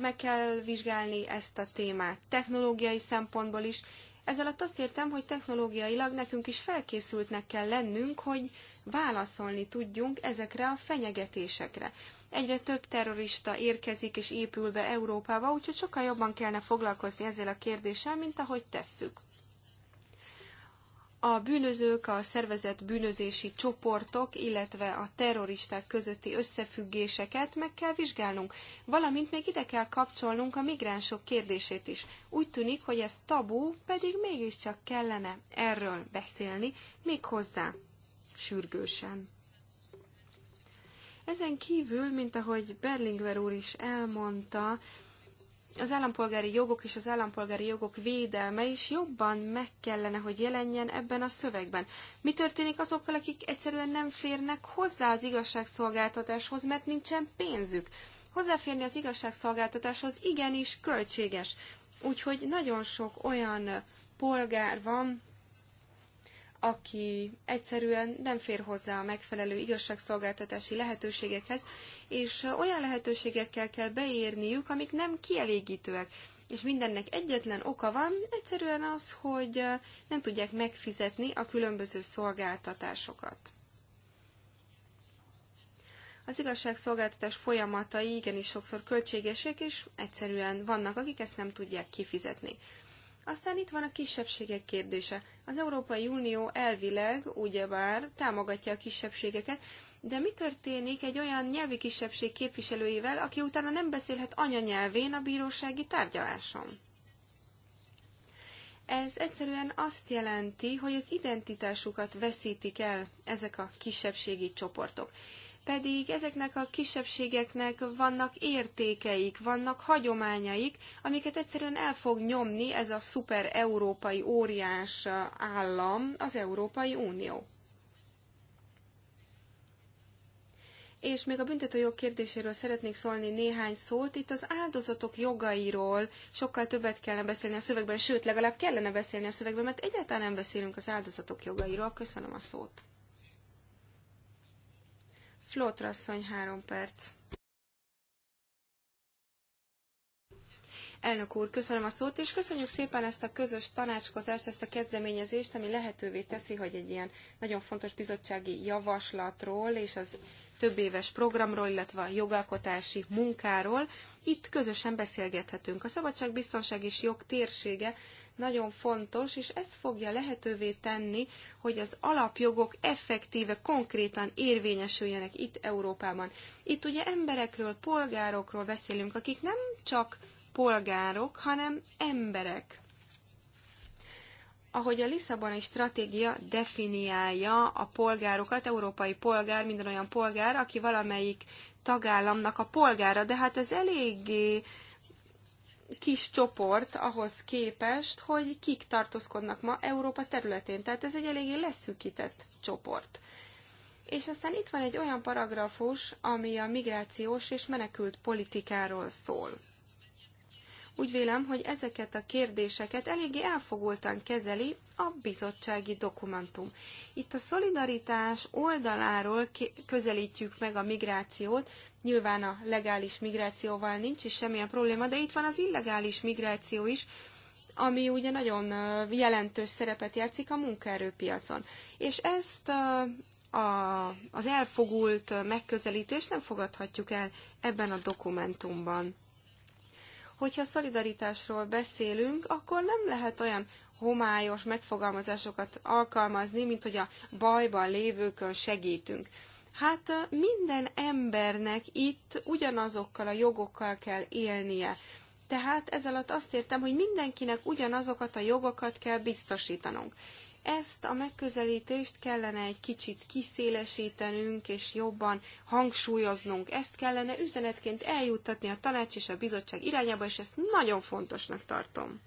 meg kell vizsgálni ezt a témát technológiai szempontból is. Ezzel alatt azt értem, hogy technológiailag nekünk is felkészültnek kell lennünk, hogy válaszolni tudjunk ezekre a fenyegetésekre. Egyre több terrorista érkezik és épül be Európába, úgyhogy sokkal jobban kellene foglalkozni ezzel a kérdéssel, mint ahogy tesszük a bűnözők, a szervezett bűnözési csoportok, illetve a terroristák közötti összefüggéseket meg kell vizsgálnunk, valamint még ide kell kapcsolnunk a migránsok kérdését is. Úgy tűnik, hogy ez tabu, pedig mégiscsak kellene erről beszélni, méghozzá sürgősen. Ezen kívül, mint ahogy Berlingver úr is elmondta, az állampolgári jogok és az állampolgári jogok védelme is jobban meg kellene, hogy jelenjen ebben a szövegben. Mi történik azokkal, akik egyszerűen nem férnek hozzá az igazságszolgáltatáshoz, mert nincsen pénzük? Hozzáférni az igazságszolgáltatáshoz igenis költséges. Úgyhogy nagyon sok olyan polgár van, aki egyszerűen nem fér hozzá a megfelelő igazságszolgáltatási lehetőségekhez, és olyan lehetőségekkel kell beérniük, amik nem kielégítőek. És mindennek egyetlen oka van, egyszerűen az, hogy nem tudják megfizetni a különböző szolgáltatásokat. Az igazságszolgáltatás folyamatai igenis sokszor költségesek, és egyszerűen vannak, akik ezt nem tudják kifizetni. Aztán itt van a kisebbségek kérdése. Az Európai Unió elvileg ugyebár támogatja a kisebbségeket, de mi történik egy olyan nyelvi kisebbség képviselőivel, aki utána nem beszélhet anyanyelvén a bírósági tárgyaláson? Ez egyszerűen azt jelenti, hogy az identitásukat veszítik el ezek a kisebbségi csoportok pedig ezeknek a kisebbségeknek vannak értékeik, vannak hagyományaik, amiket egyszerűen el fog nyomni ez a szuper európai óriás állam, az Európai Unió. És még a büntetőjog kérdéséről szeretnék szólni néhány szót. Itt az áldozatok jogairól sokkal többet kellene beszélni a szövegben, sőt, legalább kellene beszélni a szövegben, mert egyáltalán nem beszélünk az áldozatok jogairól. Köszönöm a szót. Flótrasszony három perc. Elnök úr, köszönöm a szót, és köszönjük szépen ezt a közös tanácskozást, ezt a kezdeményezést, ami lehetővé teszi, hogy egy ilyen nagyon fontos bizottsági javaslatról és az több éves programról, illetve a jogalkotási munkáról. Itt közösen beszélgethetünk. A szabadságbiztonság és jog térsége nagyon fontos, és ez fogja lehetővé tenni, hogy az alapjogok effektíve, konkrétan érvényesüljenek itt Európában. Itt ugye emberekről, polgárokról beszélünk, akik nem csak polgárok, hanem emberek ahogy a Lisszaboni stratégia definiálja a polgárokat, európai polgár, minden olyan polgár, aki valamelyik tagállamnak a polgára, de hát ez eléggé kis csoport ahhoz képest, hogy kik tartózkodnak ma Európa területén. Tehát ez egy eléggé leszűkített csoport. És aztán itt van egy olyan paragrafus, ami a migrációs és menekült politikáról szól. Úgy vélem, hogy ezeket a kérdéseket eléggé elfogultan kezeli a bizottsági dokumentum. Itt a szolidaritás oldaláról közelítjük meg a migrációt, nyilván a legális migrációval nincs is semmilyen probléma, de itt van az illegális migráció is, ami ugye nagyon jelentős szerepet játszik a munkaerőpiacon. És ezt a, az elfogult megközelítést nem fogadhatjuk el ebben a dokumentumban. Hogyha szolidaritásról beszélünk, akkor nem lehet olyan homályos megfogalmazásokat alkalmazni, mint hogy a bajban lévőkön segítünk. Hát minden embernek itt ugyanazokkal a jogokkal kell élnie. Tehát ez alatt azt értem, hogy mindenkinek ugyanazokat a jogokat kell biztosítanunk. Ezt a megközelítést kellene egy kicsit kiszélesítenünk és jobban hangsúlyoznunk. Ezt kellene üzenetként eljuttatni a tanács és a bizottság irányába, és ezt nagyon fontosnak tartom.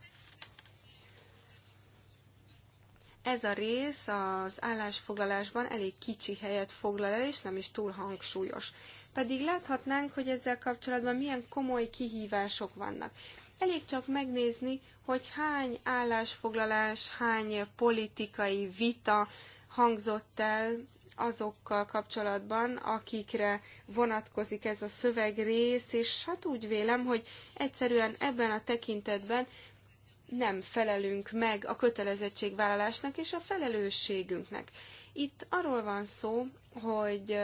Ez a rész az állásfoglalásban elég kicsi helyet foglal el, és nem is túl hangsúlyos. Pedig láthatnánk, hogy ezzel kapcsolatban milyen komoly kihívások vannak. Elég csak megnézni, hogy hány állásfoglalás, hány politikai vita hangzott el azokkal kapcsolatban, akikre vonatkozik ez a szövegrész, és hát úgy vélem, hogy egyszerűen ebben a tekintetben nem felelünk meg a kötelezettségvállalásnak és a felelősségünknek. Itt arról van szó, hogy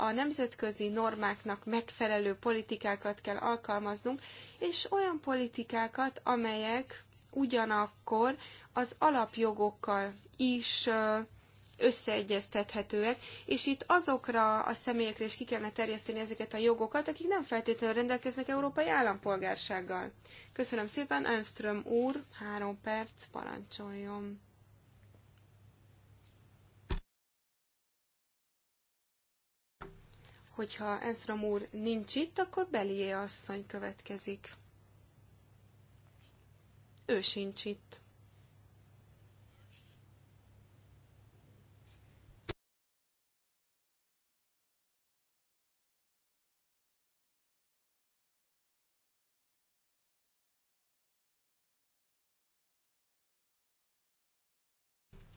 a nemzetközi normáknak megfelelő politikákat kell alkalmaznunk, és olyan politikákat, amelyek ugyanakkor az alapjogokkal is összeegyeztethetőek, és itt azokra a személyekre is ki kellene terjeszteni ezeket a jogokat, akik nem feltétlenül rendelkeznek európai állampolgársággal. Köszönöm szépen, Enström úr, három perc, parancsoljon. Hogyha Ezra úr nincs itt, akkor Belié asszony következik. Ő sincs itt.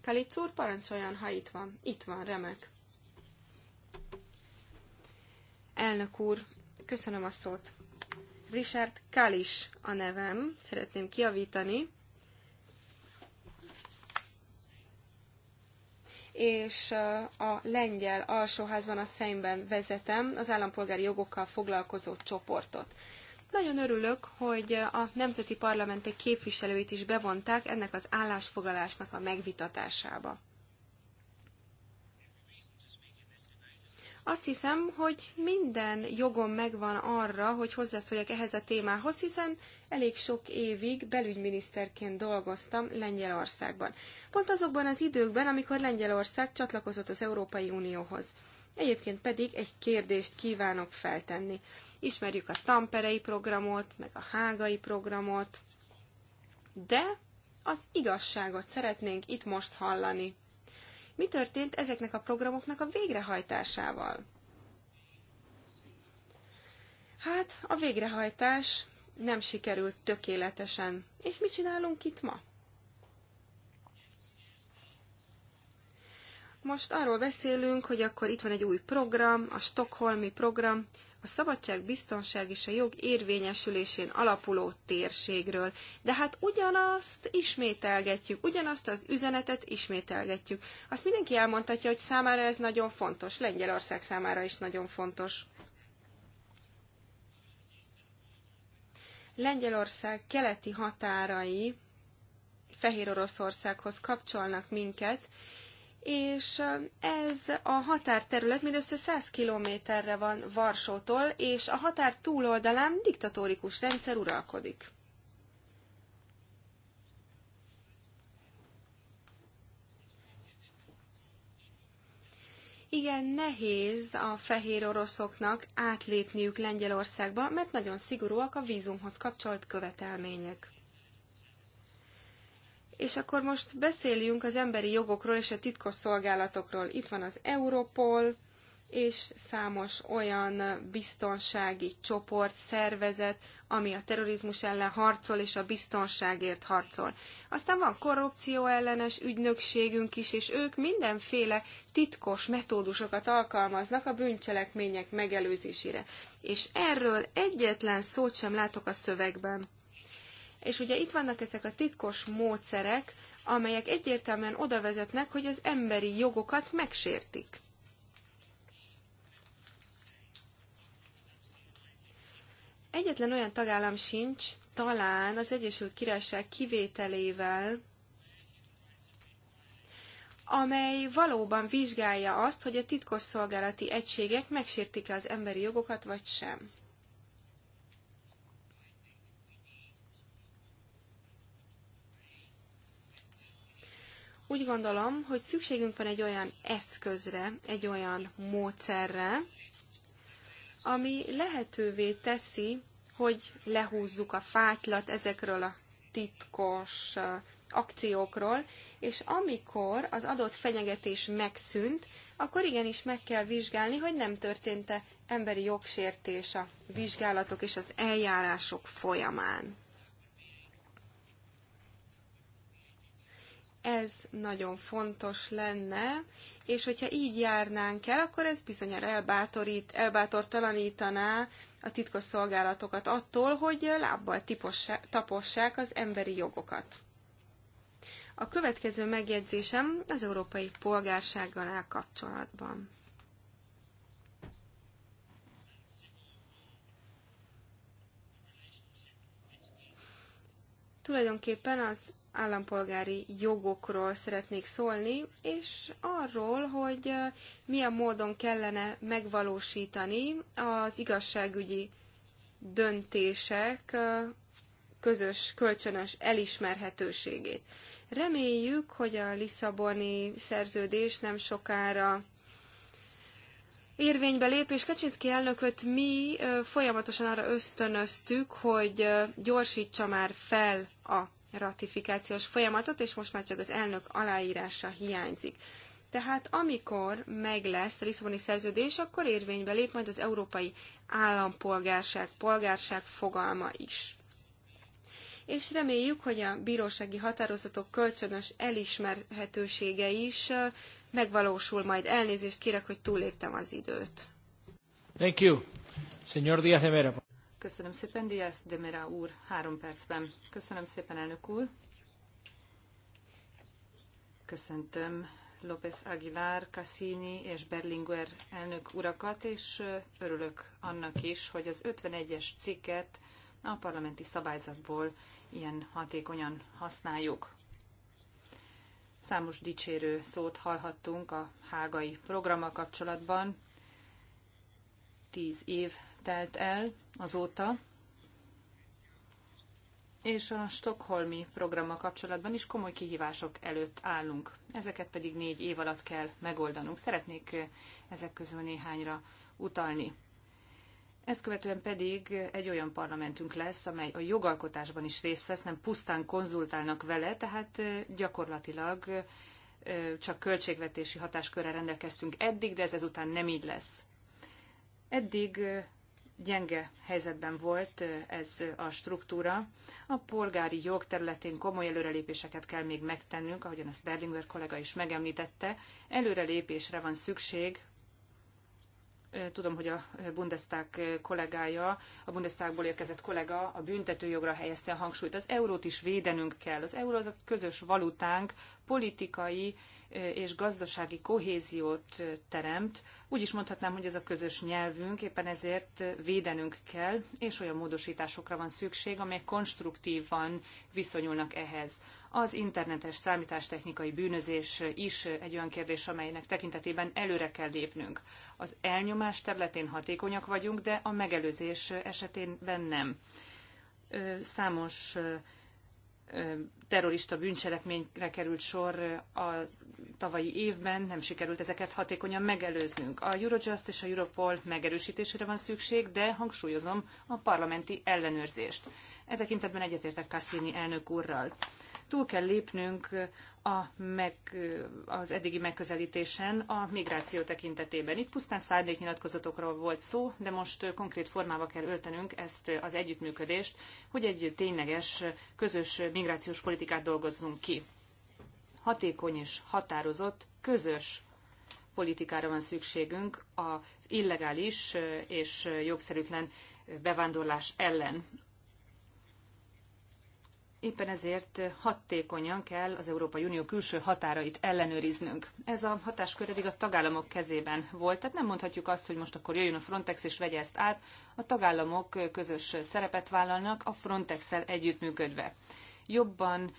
Kalic úr, parancsoljon, ha itt van. Itt van, remek. Elnök úr, köszönöm a szót. Richard Kalis a nevem, szeretném kiavítani. és a lengyel alsóházban a szemben vezetem az állampolgári jogokkal foglalkozó csoportot. Nagyon örülök, hogy a nemzeti parlamentek képviselőit is bevonták ennek az állásfoglalásnak a megvitatásába. Azt hiszem, hogy minden jogom megvan arra, hogy hozzászóljak ehhez a témához, hiszen elég sok évig belügyminiszterként dolgoztam Lengyelországban. Pont azokban az időkben, amikor Lengyelország csatlakozott az Európai Unióhoz. Egyébként pedig egy kérdést kívánok feltenni. Ismerjük a Tamperei programot, meg a Hágai programot, de az igazságot szeretnénk itt most hallani. Mi történt ezeknek a programoknak a végrehajtásával? Hát a végrehajtás nem sikerült tökéletesen. És mit csinálunk itt ma? Most arról beszélünk, hogy akkor itt van egy új program, a Stockholmi program a szabadság, biztonság és a jog érvényesülésén alapuló térségről. De hát ugyanazt ismételgetjük, ugyanazt az üzenetet ismételgetjük. Azt mindenki elmondhatja, hogy számára ez nagyon fontos, Lengyelország számára is nagyon fontos. Lengyelország keleti határai Fehér Oroszországhoz kapcsolnak minket, és ez a határterület mindössze 100 kilométerre van Varsótól, és a határ túloldalán diktatórikus rendszer uralkodik. igen nehéz a fehér oroszoknak átlépniük Lengyelországba, mert nagyon szigorúak a vízumhoz kapcsolt követelmények. És akkor most beszéljünk az emberi jogokról és a titkos szolgálatokról. Itt van az Europol, és számos olyan biztonsági csoport, szervezet, ami a terrorizmus ellen harcol és a biztonságért harcol. Aztán van korrupció ellenes ügynökségünk is, és ők mindenféle titkos metódusokat alkalmaznak a bűncselekmények megelőzésére. És erről egyetlen szót sem látok a szövegben. És ugye itt vannak ezek a titkos módszerek, amelyek egyértelműen oda vezetnek, hogy az emberi jogokat megsértik. Egyetlen olyan tagállam sincs, talán az Egyesült Királyság kivételével, amely valóban vizsgálja azt, hogy a titkos szolgálati egységek megsértik-e az emberi jogokat, vagy sem. Úgy gondolom, hogy szükségünk van egy olyan eszközre, egy olyan módszerre, ami lehetővé teszi, hogy lehúzzuk a fátylat ezekről a titkos akciókról, és amikor az adott fenyegetés megszűnt, akkor igenis meg kell vizsgálni, hogy nem történt-e emberi jogsértés a vizsgálatok és az eljárások folyamán. Ez nagyon fontos lenne, és hogyha így járnánk el, akkor ez bizonyára elbátorít, elbátortalanítaná a titkos szolgálatokat attól, hogy lábbal tipossá, tapossák az emberi jogokat. A következő megjegyzésem az európai polgársággal áll kapcsolatban. Tulajdonképpen az állampolgári jogokról szeretnék szólni, és arról, hogy eh, milyen módon kellene megvalósítani az igazságügyi döntések eh, közös, kölcsönös elismerhetőségét. Reméljük, hogy a Lisszaboni szerződés nem sokára érvénybe lép, és Kaczynszki elnököt mi eh, folyamatosan arra ösztönöztük, hogy gyorsítsa már fel a ratifikációs folyamatot, és most már csak az elnök aláírása hiányzik. Tehát amikor meg lesz a Lisszaboni szerződés, akkor érvénybe lép majd az európai állampolgárság, polgárság fogalma is. És reméljük, hogy a bírósági határozatok kölcsönös elismerhetősége is megvalósul majd. Elnézést kérek, hogy túléptem az időt. Thank you. Señor Díaz de Mera. Köszönöm szépen, Diaz Demera úr, három percben. Köszönöm szépen, elnök úr. Köszöntöm López Aguilar, Cassini és Berlinguer elnök urakat, és örülök annak is, hogy az 51-es cikket a parlamenti szabályzatból ilyen hatékonyan használjuk. Számos dicsérő szót hallhattunk a hágai programmal kapcsolatban. Tíz év telt el azóta, és a Stockholmi programmal kapcsolatban is komoly kihívások előtt állunk. Ezeket pedig négy év alatt kell megoldanunk. Szeretnék ezek közül néhányra utalni. Ezt követően pedig egy olyan parlamentünk lesz, amely a jogalkotásban is részt vesz, nem pusztán konzultálnak vele, tehát gyakorlatilag csak költségvetési hatáskörrel rendelkeztünk eddig, de ez ezután nem így lesz. Eddig gyenge helyzetben volt ez a struktúra. A polgári jog területén komoly előrelépéseket kell még megtennünk, ahogyan ezt Berlinger kollega is megemlítette. Előrelépésre van szükség. Tudom, hogy a Bundestag kollégája, a Bundestagból érkezett kollega a büntetőjogra helyezte a hangsúlyt. Az eurót is védenünk kell. Az euró az a közös valutánk, politikai és gazdasági kohéziót teremt. Úgy is mondhatnám, hogy ez a közös nyelvünk, éppen ezért védenünk kell, és olyan módosításokra van szükség, amelyek konstruktívan viszonyulnak ehhez. Az internetes számítástechnikai bűnözés is egy olyan kérdés, amelynek tekintetében előre kell lépnünk. Az elnyomás területén hatékonyak vagyunk, de a megelőzés esetében nem. Számos terrorista bűncselekményre került sor a tavalyi évben, nem sikerült ezeket hatékonyan megelőznünk. A Eurojust és a Europol megerősítésére van szükség, de hangsúlyozom a parlamenti ellenőrzést. E tekintetben egyetértek Cassini elnök úrral túl kell lépnünk a meg, az eddigi megközelítésen a migráció tekintetében. Itt pusztán szándéknyilatkozatokról volt szó, de most konkrét formába kell öltenünk ezt az együttműködést, hogy egy tényleges közös migrációs politikát dolgozzunk ki. Hatékony és határozott közös politikára van szükségünk az illegális és jogszerűtlen bevándorlás ellen. Éppen ezért hatékonyan kell az Európai Unió külső határait ellenőriznünk. Ez a hatáskör eddig a tagállamok kezében volt, tehát nem mondhatjuk azt, hogy most akkor jöjjön a Frontex és vegye ezt át. A tagállamok közös szerepet vállalnak a Frontex-el együttműködve. Jobban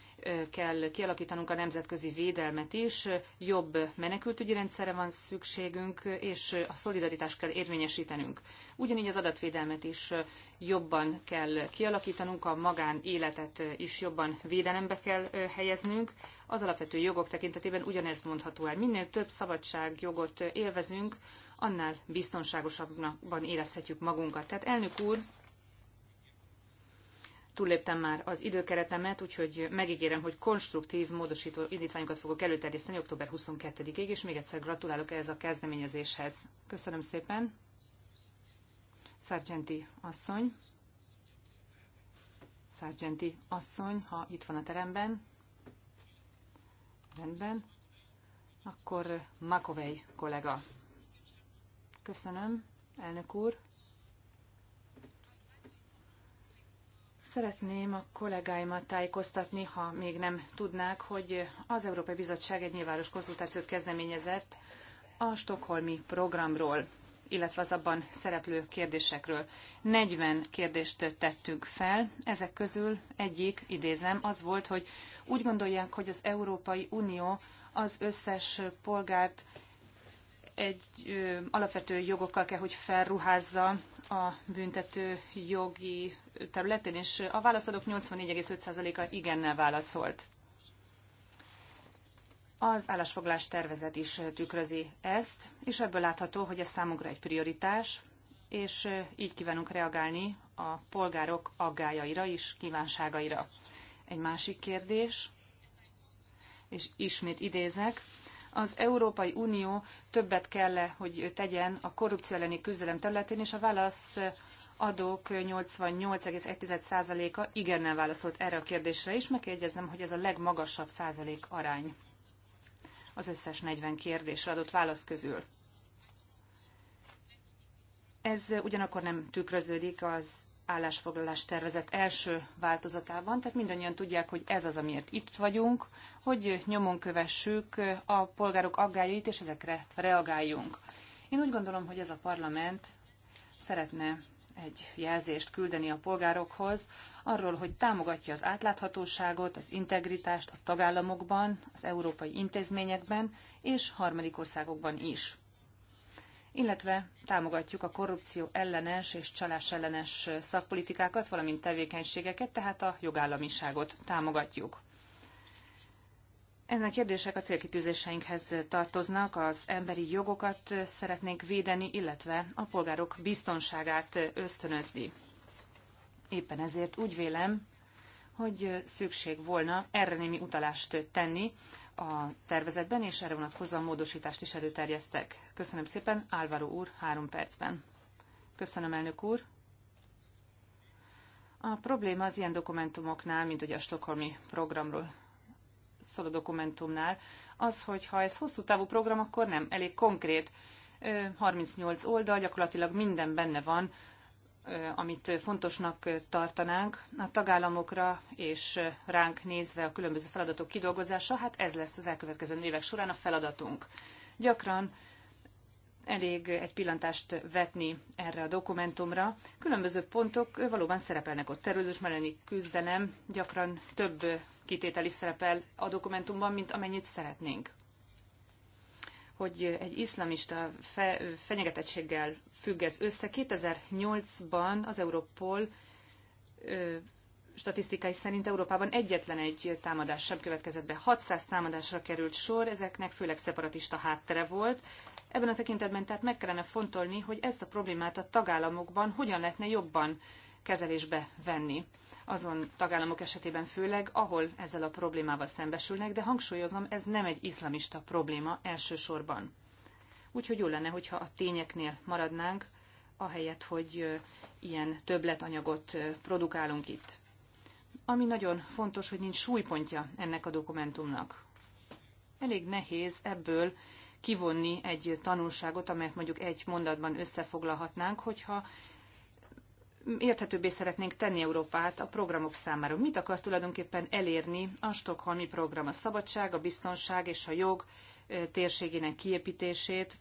kell kialakítanunk a nemzetközi védelmet is, jobb menekültügyi rendszerre van szükségünk, és a szolidaritást kell érvényesítenünk. Ugyanígy az adatvédelmet is jobban kell kialakítanunk, a magánéletet is jobban védelembe kell helyeznünk. Az alapvető jogok tekintetében ugyanez mondható el. Minél több szabadságjogot élvezünk, annál biztonságosabban érezhetjük magunkat. Tehát elnök úr, túlléptem már az időkeretemet, úgyhogy megígérem, hogy konstruktív módosító indítványokat fogok előterjeszteni október 22-ig, és még egyszer gratulálok ehhez a kezdeményezéshez. Köszönöm szépen. Sargenti asszony. Sargenti asszony, ha itt van a teremben. Rendben. Akkor Makovej kollega. Köszönöm, elnök úr. Szeretném a kollégáimat tájékoztatni, ha még nem tudnák, hogy az Európai Bizottság egy nyilvános konzultációt kezdeményezett a Stockholmi programról, illetve az abban szereplő kérdésekről. 40 kérdést tettünk fel, ezek közül egyik, idézem, az volt, hogy úgy gondolják, hogy az Európai Unió az összes polgárt egy ö, alapvető jogokkal kell, hogy felruházza a büntető jogi területén, és a válaszadók 84,5%-a igennel válaszolt. Az állásfoglás tervezet is tükrözi ezt, és ebből látható, hogy ez számunkra egy prioritás, és így kívánunk reagálni a polgárok aggájaira és kívánságaira. Egy másik kérdés, és ismét idézek, az Európai Unió többet kell, hogy tegyen a korrupció elleni küzdelem területén, és a válasz adók 88,1%-a igennel válaszolt erre a kérdésre is. Meg kell jegyeznem, hogy ez a legmagasabb százalék arány az összes 40 kérdésre adott válasz közül. Ez ugyanakkor nem tükröződik az állásfoglalás tervezet első változatában, tehát mindannyian tudják, hogy ez az, amiért itt vagyunk, hogy nyomon kövessük a polgárok aggályait, és ezekre reagáljunk. Én úgy gondolom, hogy ez a parlament szeretne egy jelzést küldeni a polgárokhoz arról, hogy támogatja az átláthatóságot, az integritást a tagállamokban, az európai intézményekben és harmadik országokban is. Illetve támogatjuk a korrupció ellenes és csalás ellenes szakpolitikákat, valamint tevékenységeket, tehát a jogállamiságot támogatjuk. Ezen kérdések a célkitűzéseinkhez tartoznak, az emberi jogokat szeretnénk védeni, illetve a polgárok biztonságát ösztönözni. Éppen ezért úgy vélem, hogy szükség volna erre némi utalást tenni a tervezetben, és erre vonatkozóan módosítást is előterjesztek. Köszönöm szépen, Álvaro úr, három percben. Köszönöm, elnök úr. A probléma az ilyen dokumentumoknál, mint ugye a stokholmi programról szóló dokumentumnál, az, hogy ha ez hosszú távú program, akkor nem elég konkrét. 38 oldal, gyakorlatilag minden benne van, amit fontosnak tartanánk a tagállamokra és ránk nézve a különböző feladatok kidolgozása, hát ez lesz az elkövetkező évek során a feladatunk. Gyakran elég egy pillantást vetni erre a dokumentumra. Különböző pontok valóban szerepelnek ott. Terrorizmus melleni küzdelem gyakran több kitétel is szerepel a dokumentumban, mint amennyit szeretnénk. Hogy egy iszlamista fe, fenyegetettséggel függ ez össze. 2008-ban az Europol statisztikái szerint Európában egyetlen egy támadás sem következett be. 600 támadásra került sor, ezeknek főleg szeparatista háttere volt. Ebben a tekintetben tehát meg kellene fontolni, hogy ezt a problémát a tagállamokban hogyan lehetne jobban kezelésbe venni. Azon tagállamok esetében főleg, ahol ezzel a problémával szembesülnek, de hangsúlyozom, ez nem egy iszlamista probléma elsősorban. Úgyhogy jó lenne, hogyha a tényeknél maradnánk, ahelyett, hogy ilyen többletanyagot produkálunk itt ami nagyon fontos, hogy nincs súlypontja ennek a dokumentumnak. Elég nehéz ebből kivonni egy tanulságot, amelyet mondjuk egy mondatban összefoglalhatnánk, hogyha érthetőbbé szeretnénk tenni Európát a programok számára. Mit akar tulajdonképpen elérni a Stockholmi program? A szabadság, a biztonság és a jog térségének kiépítését,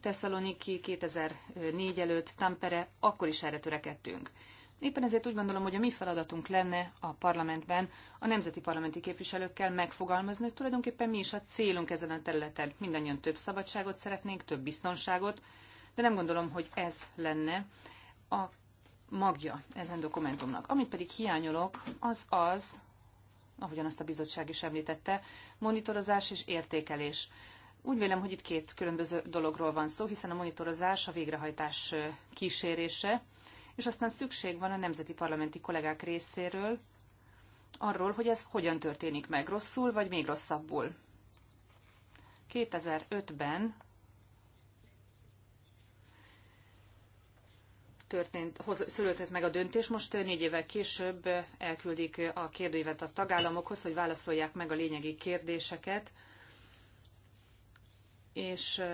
Thessaloniki 2004 előtt, Tampere, akkor is erre törekedtünk. Éppen ezért úgy gondolom, hogy a mi feladatunk lenne a parlamentben a nemzeti parlamenti képviselőkkel megfogalmazni, hogy tulajdonképpen mi is a célunk ezen a területen. Mindannyian több szabadságot szeretnénk, több biztonságot, de nem gondolom, hogy ez lenne a magja ezen dokumentumnak. Amit pedig hiányolok, az az, ahogyan azt a bizottság is említette, monitorozás és értékelés. Úgy vélem, hogy itt két különböző dologról van szó, hiszen a monitorozás a végrehajtás kísérése, és aztán szükség van a nemzeti parlamenti kollégák részéről arról, hogy ez hogyan történik meg, rosszul vagy még rosszabbul. 2005-ben történt, született meg a döntés, most négy évvel később elküldik a kérdőívet a tagállamokhoz, hogy válaszolják meg a lényegi kérdéseket, és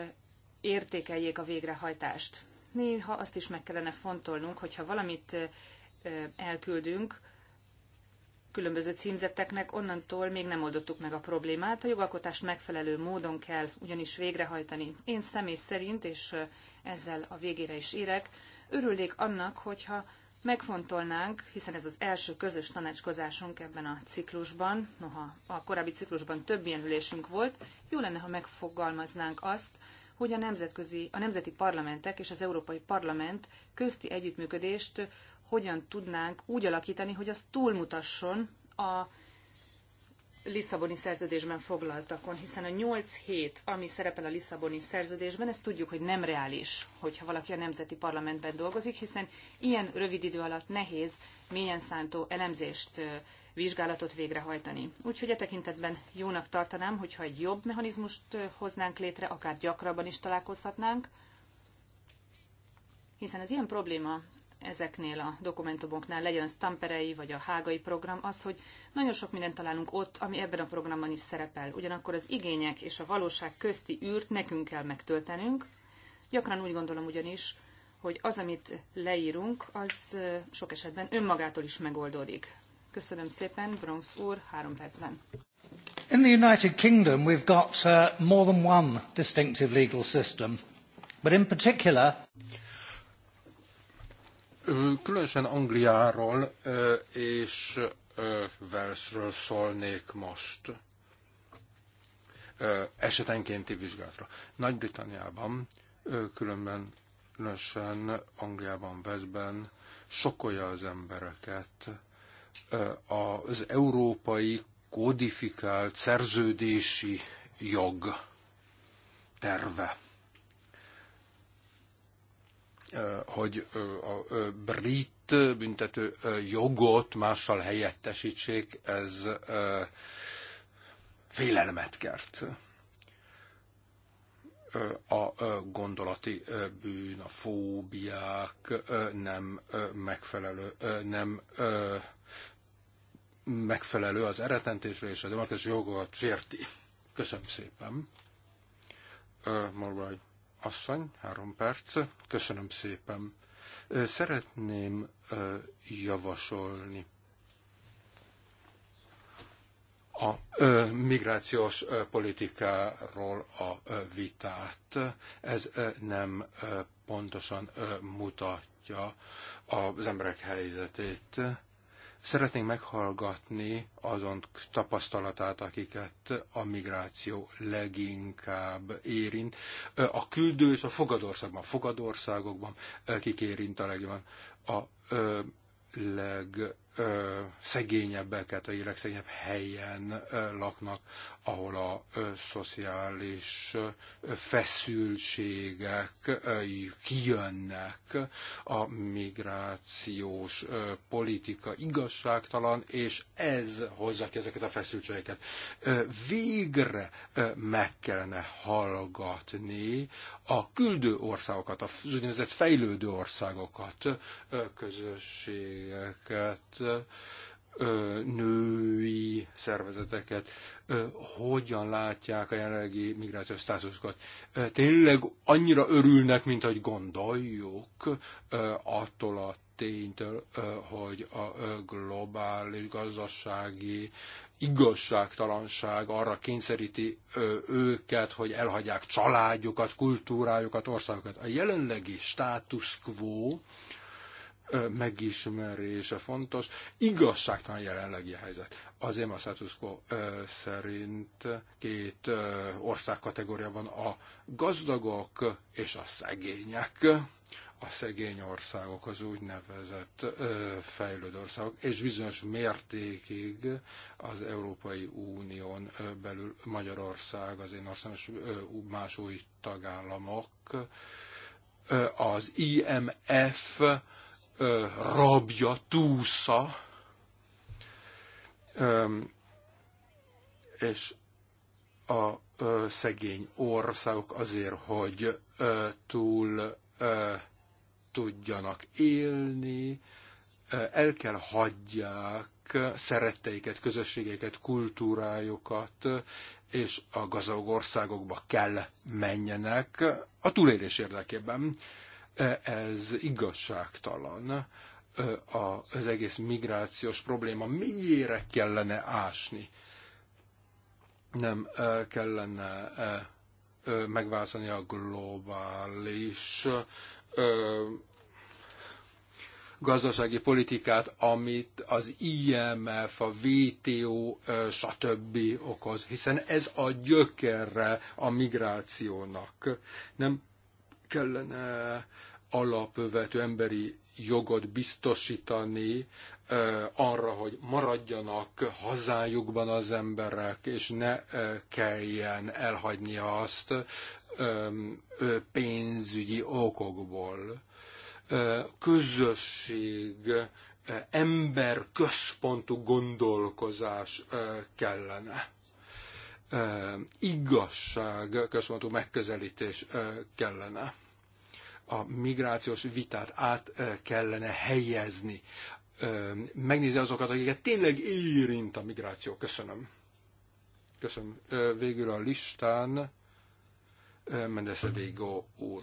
értékeljék a végrehajtást néha azt is meg kellene fontolnunk, hogyha valamit elküldünk különböző címzetteknek, onnantól még nem oldottuk meg a problémát. A jogalkotást megfelelő módon kell ugyanis végrehajtani. Én személy szerint, és ezzel a végére is érek, örülnék annak, hogyha megfontolnánk, hiszen ez az első közös tanácskozásunk ebben a ciklusban, noha a korábbi ciklusban több ilyen ülésünk volt, jó lenne, ha megfogalmaznánk azt, hogy a, nemzetközi, a nemzeti parlamentek és az Európai Parlament közti együttműködést hogyan tudnánk úgy alakítani, hogy az túlmutasson a Lisszaboni szerződésben foglaltakon, hiszen a 8 hét, ami szerepel a Lisszaboni szerződésben, ezt tudjuk, hogy nem reális, hogyha valaki a nemzeti parlamentben dolgozik, hiszen ilyen rövid idő alatt nehéz mélyen szántó elemzést, vizsgálatot végrehajtani. Úgyhogy e tekintetben jónak tartanám, hogyha egy jobb mechanizmust hoznánk létre, akár gyakrabban is találkozhatnánk, hiszen az ilyen probléma ezeknél a dokumentumoknál, legyen az Tamperei vagy a Hágai program, az, hogy nagyon sok mindent találunk ott, ami ebben a programban is szerepel. Ugyanakkor az igények és a valóság közti űrt nekünk kell megtöltenünk. Gyakran úgy gondolom ugyanis, hogy az, amit leírunk, az sok esetben önmagától is megoldódik. Köszönöm szépen, Bronx úr, három percben. In the United Kingdom we've got uh, more than one distinctive legal system, but in particular Különösen Angliáról és Velszről szólnék most esetenkénti vizsgálatra. Nagy-Britanniában, különben különösen Angliában, Veszben sokkolja az embereket az európai kodifikált szerződési jog terve. Eh, hogy eh, a eh, brit büntető jogot mással helyettesítsék, ez félelmet kert. A gondolati bűn, a fóbiák nem megfelelő, nem megfelelő az eretentésre és a demokrácia jogokat sérti. Köszönöm szépen. Uh, asszony, három perc. Köszönöm szépen. Szeretném javasolni a migrációs politikáról a vitát. Ez nem pontosan mutatja az emberek helyzetét Szeretnénk meghallgatni azon tapasztalatát, akiket a migráció leginkább érint. A küldő és a fogadországban, fogadországokban akik érint a legjobban. A leg ö, szegényebbeket, a legszegényebb helyen ö, laknak, ahol a ö, szociális ö, feszültségek ö, kijönnek, a migrációs ö, politika igazságtalan, és ez hozza ki ezeket a feszültségeket. Ö, végre ö, meg kellene hallgatni a küldő országokat, az úgynevezett fejlődő országokat, ö, közösségeket, női szervezeteket, hogyan látják a jelenlegi migrációs státuszokat. Tényleg annyira örülnek, mint hogy gondoljuk attól a ténytől, hogy a globális gazdasági igazságtalanság arra kényszeríti őket, hogy elhagyják családjukat, kultúrájukat, országokat. A jelenlegi status quo megismerése fontos. Igazságtalan jelenlegi helyzet. Az EMA status quo szerint két ország kategória van, a gazdagok és a szegények a szegény országok, az úgynevezett ö, fejlődő országok, és bizonyos mértékig az Európai Unión belül Magyarország, az én országom és más új tagállamok, az IMF ö, rabja, túsza, ö, és a ö, szegény országok azért, hogy ö, túl ö, tudjanak élni, ö, el kell hagyják szeretteiket, közösségeket, kultúrájukat, és a gazdag országokba kell menjenek a túlélés érdekében. E, ez igazságtalan e, az egész migrációs probléma mélyére kellene ásni. Nem e, kellene megváltani a globális gazdasági politikát, amit az IMF, a VTO, stb. okoz, hiszen ez a gyökerre a migrációnak. Nem kellene alapvető emberi jogot biztosítani arra, hogy maradjanak hazájukban az emberek, és ne kelljen elhagyni azt pénzügyi okokból. Közösség, ember központú gondolkozás kellene igazság központú megközelítés kellene a migrációs vitát át kellene helyezni. Megnézi azokat, akiket tényleg érint a migráció. Köszönöm. Köszönöm. Végül a listán Mendes Vigo úr.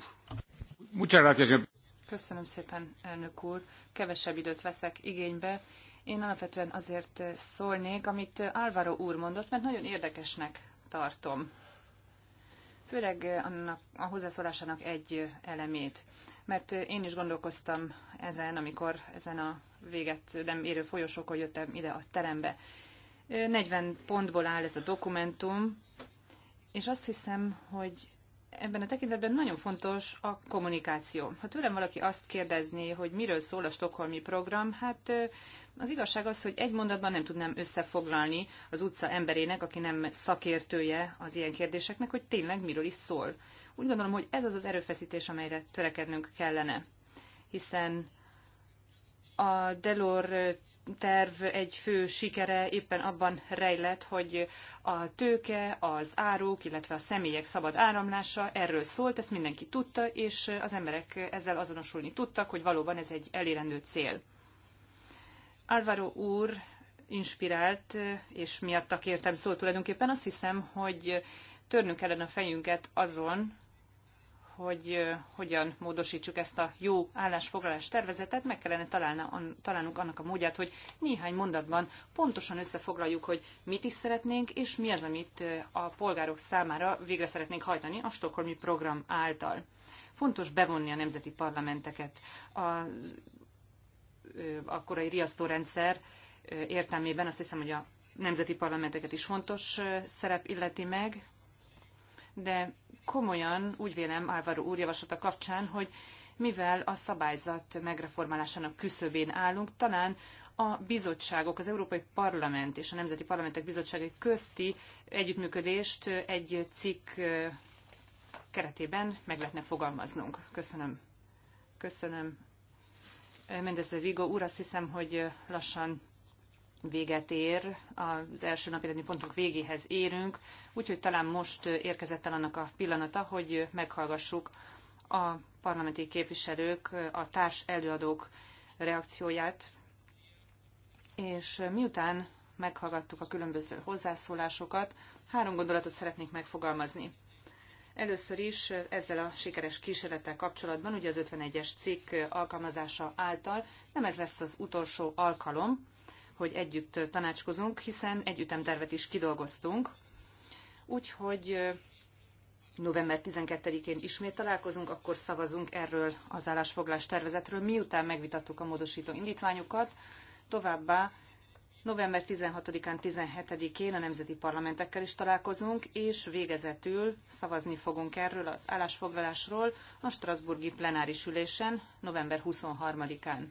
Köszönöm szépen, elnök úr. Kevesebb időt veszek igénybe. Én alapvetően azért szólnék, amit Álvaro úr mondott, mert nagyon érdekesnek tartom főleg annak, a hozzászólásának egy elemét. Mert én is gondolkoztam ezen, amikor ezen a véget nem érő folyosókon jöttem ide a terembe. 40 pontból áll ez a dokumentum, és azt hiszem, hogy ebben a tekintetben nagyon fontos a kommunikáció. Ha tőlem valaki azt kérdezné, hogy miről szól a stokholmi program, hát az igazság az, hogy egy mondatban nem tudnám összefoglalni az utca emberének, aki nem szakértője az ilyen kérdéseknek, hogy tényleg miről is szól. Úgy gondolom, hogy ez az az erőfeszítés, amelyre törekednünk kellene. Hiszen a Delor terv egy fő sikere éppen abban rejlett, hogy a tőke, az áruk, illetve a személyek szabad áramlása erről szólt, ezt mindenki tudta, és az emberek ezzel azonosulni tudtak, hogy valóban ez egy elérendő cél. Álvaro úr inspirált, és miattak értem szó tulajdonképpen azt hiszem, hogy törnünk kellene a fejünket azon, hogy hogyan módosítsuk ezt a jó állásfoglalás tervezetet, meg kellene találnunk annak a módját, hogy néhány mondatban pontosan összefoglaljuk, hogy mit is szeretnénk, és mi az, amit a polgárok számára végre szeretnénk hajtani a Stokholmi program által. Fontos bevonni a nemzeti parlamenteket. A, a korai riasztórendszer értelmében azt hiszem, hogy a nemzeti parlamenteket is fontos szerep illeti meg, de komolyan úgy vélem Álvaro úr javaslata kapcsán, hogy mivel a szabályzat megreformálásának küszöbén állunk, talán a bizottságok, az Európai Parlament és a Nemzeti Parlamentek Bizottságai közti együttműködést egy cikk keretében meg lehetne fogalmaznunk. Köszönöm. Köszönöm. Mendez de Vigo úr, azt hiszem, hogy lassan véget ér, az első napi rendi pontunk végéhez érünk, úgyhogy talán most érkezett el annak a pillanata, hogy meghallgassuk a parlamenti képviselők, a társ előadók reakcióját, és miután meghallgattuk a különböző hozzászólásokat, három gondolatot szeretnék megfogalmazni. Először is ezzel a sikeres kísérlettel kapcsolatban, ugye az 51-es cikk alkalmazása által, nem ez lesz az utolsó alkalom, hogy együtt tanácskozunk, hiszen ütemtervet is kidolgoztunk. Úgyhogy november 12-én ismét találkozunk, akkor szavazunk erről az állásfoglás tervezetről, miután megvitattuk a módosító indítványokat. Továbbá november 16-án, 17-én a nemzeti parlamentekkel is találkozunk, és végezetül szavazni fogunk erről az állásfoglalásról a Strasburgi plenáris ülésen november 23-án.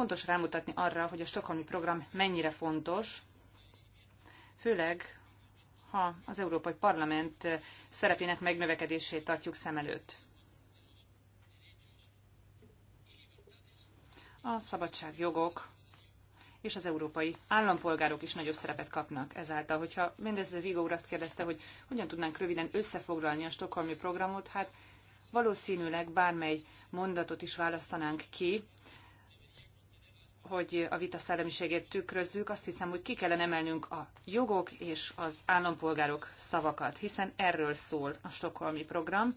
fontos rámutatni arra, hogy a Stockholmi program mennyire fontos, főleg ha az Európai Parlament szerepének megnövekedését tartjuk szem előtt. A szabadságjogok és az európai állampolgárok is nagyobb szerepet kapnak ezáltal. Hogyha Mendez Vigo úr azt kérdezte, hogy hogyan tudnánk röviden összefoglalni a stokholmi programot, hát valószínűleg bármely mondatot is választanánk ki, hogy a vita szellemiségét tükrözzük, azt hiszem, hogy ki kellene emelnünk a jogok és az állampolgárok szavakat, hiszen erről szól a Stockholmi program,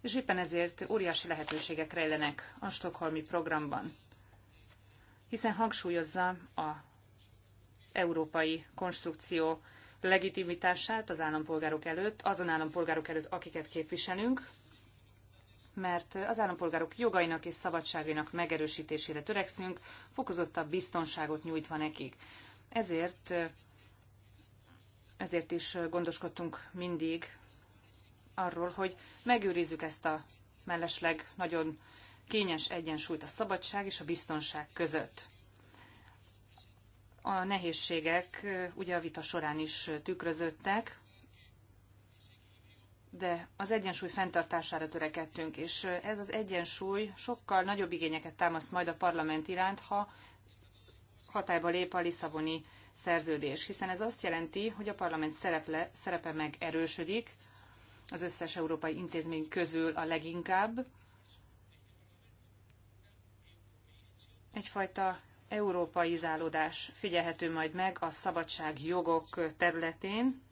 és éppen ezért óriási lehetőségek rejlenek a Stockholmi programban, hiszen hangsúlyozza a európai konstrukció legitimitását az állampolgárok előtt, azon állampolgárok előtt, akiket képviselünk, mert az állampolgárok jogainak és szabadságainak megerősítésére törekszünk, fokozottabb biztonságot nyújtva nekik. Ezért, ezért is gondoskodtunk mindig arról, hogy megőrizzük ezt a mellesleg nagyon kényes egyensúlyt a szabadság és a biztonság között. A nehézségek uh, ugye a vita során is uh, tükröződtek, de az egyensúly fenntartására törekedtünk, és ez az egyensúly sokkal nagyobb igényeket támaszt majd a parlament iránt, ha hatályba lép a Lisszaboni szerződés, hiszen ez azt jelenti, hogy a parlament szereple, szerepe erősödik, az összes európai intézmény közül a leginkább. Egyfajta európai zálódás figyelhető majd meg a szabadság jogok területén,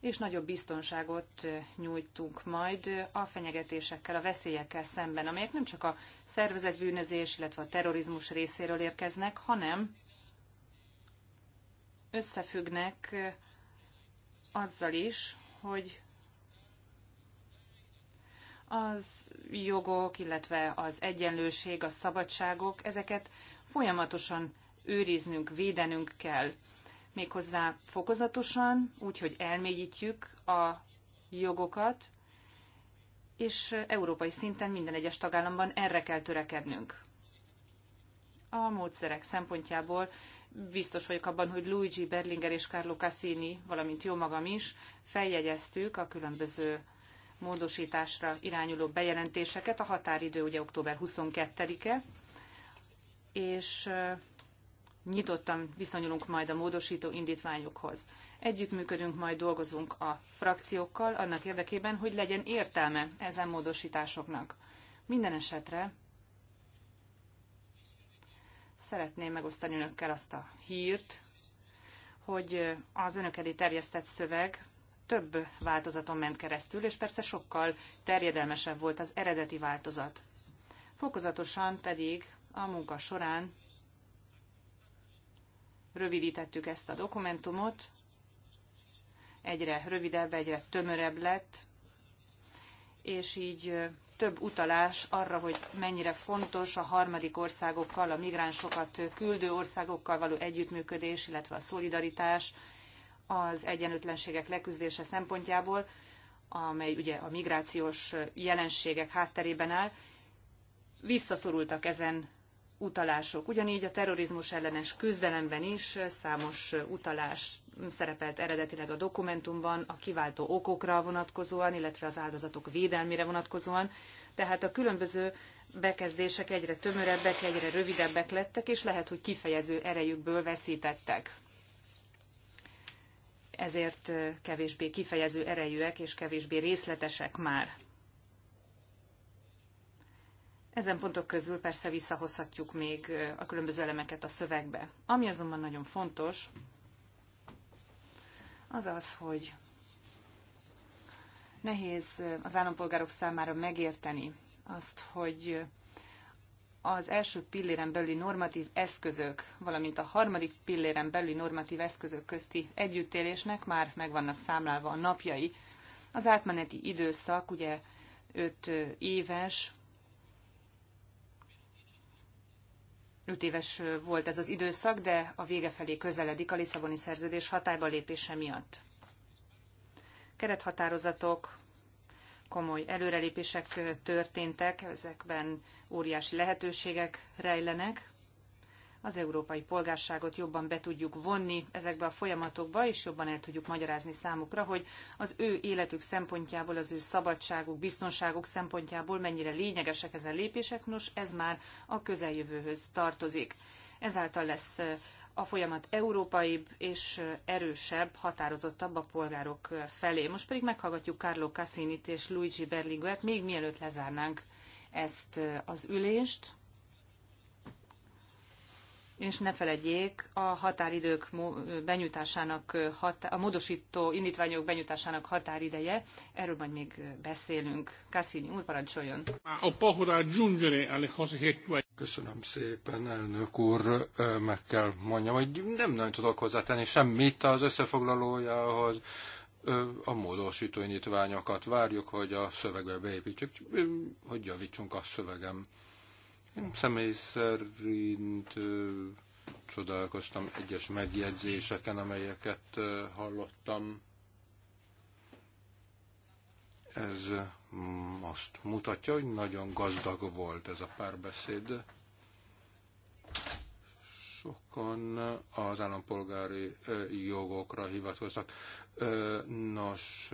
és nagyobb biztonságot nyújtunk majd a fenyegetésekkel, a veszélyekkel szemben, amelyek nem csak a szervezetbűnözés, illetve a terrorizmus részéről érkeznek, hanem összefüggnek azzal is, hogy az jogok, illetve az egyenlőség, a szabadságok, ezeket folyamatosan őriznünk, védenünk kell méghozzá fokozatosan, úgy, hogy elmélyítjük a jogokat, és európai szinten minden egyes tagállamban erre kell törekednünk. A módszerek szempontjából biztos vagyok abban, hogy Luigi Berlinger és Carlo Cassini, valamint jó magam is, feljegyeztük a különböző módosításra irányuló bejelentéseket. A határidő ugye október 22-e, és nyitottan viszonyulunk majd a módosító indítványokhoz. Együttműködünk, majd dolgozunk a frakciókkal annak érdekében, hogy legyen értelme ezen módosításoknak. Minden esetre szeretném megosztani önökkel azt a hírt, hogy az önök elé terjesztett szöveg több változaton ment keresztül, és persze sokkal terjedelmesebb volt az eredeti változat. Fokozatosan pedig a munka során rövidítettük ezt a dokumentumot, egyre rövidebb, egyre tömörebb lett, és így több utalás arra, hogy mennyire fontos a harmadik országokkal, a migránsokat küldő országokkal való együttműködés, illetve a szolidaritás az egyenlőtlenségek leküzdése szempontjából, amely ugye a migrációs jelenségek hátterében áll, visszaszorultak ezen utalások. Ugyanígy a terrorizmus ellenes küzdelemben is számos utalás szerepelt eredetileg a dokumentumban a kiváltó okokra vonatkozóan, illetve az áldozatok védelmére vonatkozóan. Tehát a különböző bekezdések egyre tömörebbek, egyre rövidebbek lettek, és lehet, hogy kifejező erejükből veszítettek. Ezért kevésbé kifejező erejűek és kevésbé részletesek már. Ezen pontok közül persze visszahozhatjuk még a különböző elemeket a szövegbe. Ami azonban nagyon fontos, az az, hogy nehéz az állampolgárok számára megérteni azt, hogy az első pilléren belüli normatív eszközök, valamint a harmadik pilléren belüli normatív eszközök közti együttélésnek már meg vannak számlálva a napjai. Az átmeneti időszak ugye 5 éves, öt éves volt ez az időszak, de a vége felé közeledik a Lisszaboni szerződés hatályba lépése miatt. Kerethatározatok, komoly előrelépések történtek, ezekben óriási lehetőségek rejlenek, az európai polgárságot jobban be tudjuk vonni ezekbe a folyamatokba, és jobban el tudjuk magyarázni számukra, hogy az ő életük szempontjából, az ő szabadságuk, biztonságuk szempontjából mennyire lényegesek ezen lépések, nos ez már a közeljövőhöz tartozik. Ezáltal lesz a folyamat európaibb és erősebb, határozottabb a polgárok felé. Most pedig meghallgatjuk Carlo Cassinit és Luigi Berlinguert, még mielőtt lezárnánk ezt az ülést és ne feledjék a határidők benyújtásának, a módosító indítványok benyújtásának határideje. Erről majd még beszélünk. Cassini úr, parancsoljon. Köszönöm szépen, elnök úr. Meg kell mondjam, hogy nem nagyon tudok hozzátenni semmit az összefoglalójához. A módosító indítványokat várjuk, hogy a szövegbe beépítsük, hogy javítsunk a szövegem Személy szerint csodálkoztam egyes megjegyzéseken, amelyeket hallottam. Ez azt mutatja, hogy nagyon gazdag volt ez a párbeszéd. Sokan az állampolgári jogokra hivatkoztak. Nos,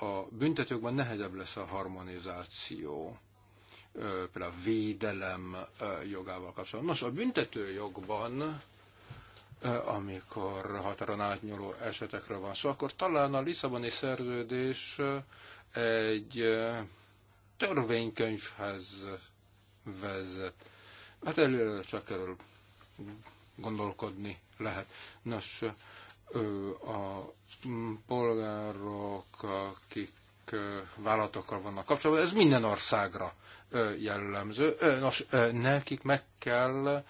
a büntetőkben nehezebb lesz a harmonizáció például a védelem jogával kapcsolatban. Nos, a büntető jogban, amikor határon átnyúló esetekről van szó, akkor talán a Lisszaboni szerződés egy törvénykönyvhez vezet. Hát előre csak erről gondolkodni lehet. Nos, a polgárok, akik vállalatokkal vannak kapcsolatban, ez minden országra jellemző. Nos, nekik meg kell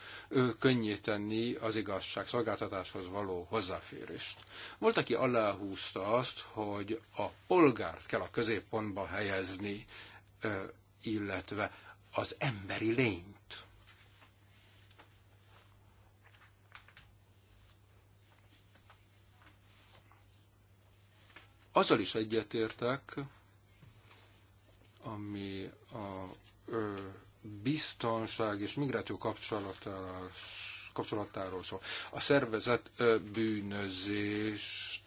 könnyíteni az szolgáltatáshoz való hozzáférést. Volt, aki aláhúzta azt, hogy a polgárt kell a középpontba helyezni, illetve az emberi lényt. Azzal is egyetértek, ami a biztonság és migráció kapcsolatáról, szól. A szervezet bűnözést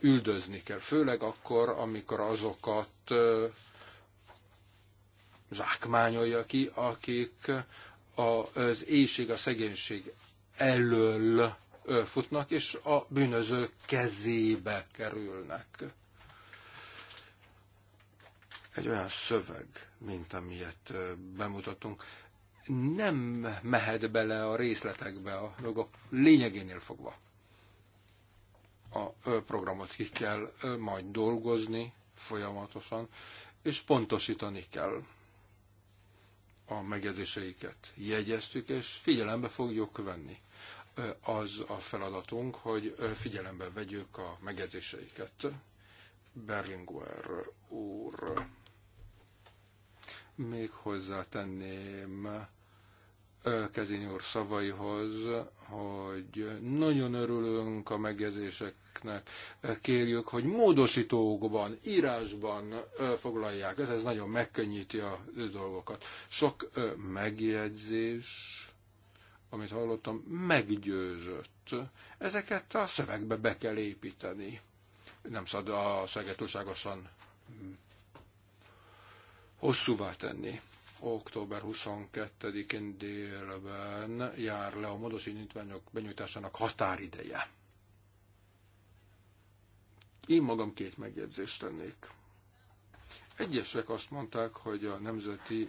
üldözni kell, főleg akkor, amikor azokat zsákmányolja ki, akik az éjség, a szegénység elől futnak, és a bűnözők kezébe kerülnek egy olyan szöveg, mint amilyet bemutattunk, nem mehet bele a részletekbe a dolgok lényegénél fogva. A programot ki kell majd dolgozni folyamatosan, és pontosítani kell a megjegyzéseiket. Jegyeztük, és figyelembe fogjuk venni. Az a feladatunk, hogy figyelembe vegyük a megjegyzéseiket. Berlinguer úr. Még hozzátenném Kezini úr szavaihoz, hogy nagyon örülünk a megjegyzéseknek, kérjük, hogy módosítókban, írásban foglalják. Ez, ez nagyon megkönnyíti a dolgokat. Sok megjegyzés, amit hallottam, meggyőzött. Ezeket a szövegbe be kell építeni. Nem szabad a szöget túlságosan hosszúvá tenni. Október 22-én délben jár le a módosítványok benyújtásának határideje. Én magam két megjegyzést tennék. Egyesek azt mondták, hogy a nemzeti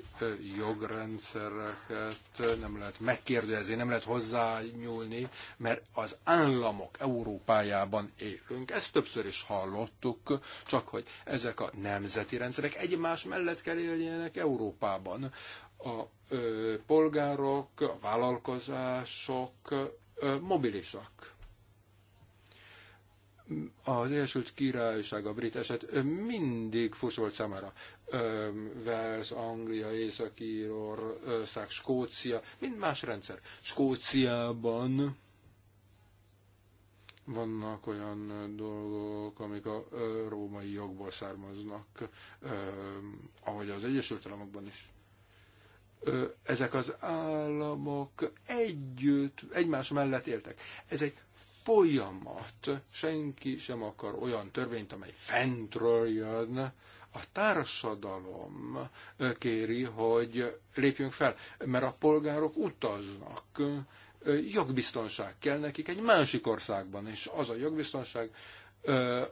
jogrendszereket nem lehet megkérdezni, nem lehet hozzányúlni, mert az államok Európájában élünk. Ezt többször is hallottuk, csak hogy ezek a nemzeti rendszerek egymás mellett kell éljenek Európában. A ö, polgárok, a vállalkozások ö, mobilisak az Egyesült Királyság, a brit eset mindig furcsa volt számára. Wales, Anglia, Észak-Írország, Skócia, mind más rendszer. Skóciában vannak olyan dolgok, amik a római jogból származnak, ahogy az Egyesült Államokban is. Ezek az államok együtt, egymás mellett éltek. Ez egy folyamat. Senki sem akar olyan törvényt, amely fentről jön. A társadalom kéri, hogy lépjünk fel, mert a polgárok utaznak. Jogbiztonság kell nekik egy másik országban, és az a jogbiztonság,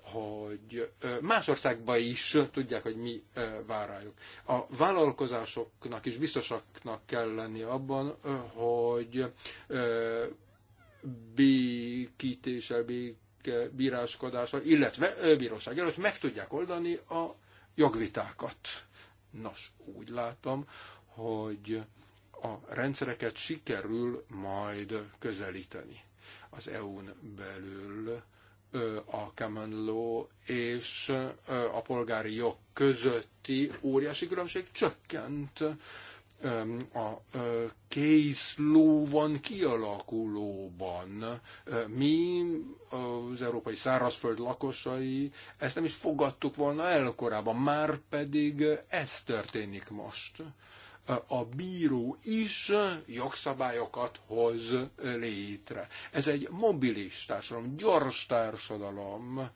hogy más országban is tudják, hogy mi vár rájuk. A vállalkozásoknak is biztosaknak kell lenni abban, hogy békítéssel, béke, bíráskodással, illetve bíróság előtt meg tudják oldani a jogvitákat. Nos, úgy látom, hogy a rendszereket sikerül majd közelíteni az EU-n belül a common law és a polgári jog közötti óriási különbség csökkent a készló van kialakulóban. Mi, az európai szárazföld lakosai, ezt nem is fogadtuk volna el korábban, már pedig ez történik most. A bíró is jogszabályokat hoz létre. Ez egy mobilis társadalom, gyors társadalom,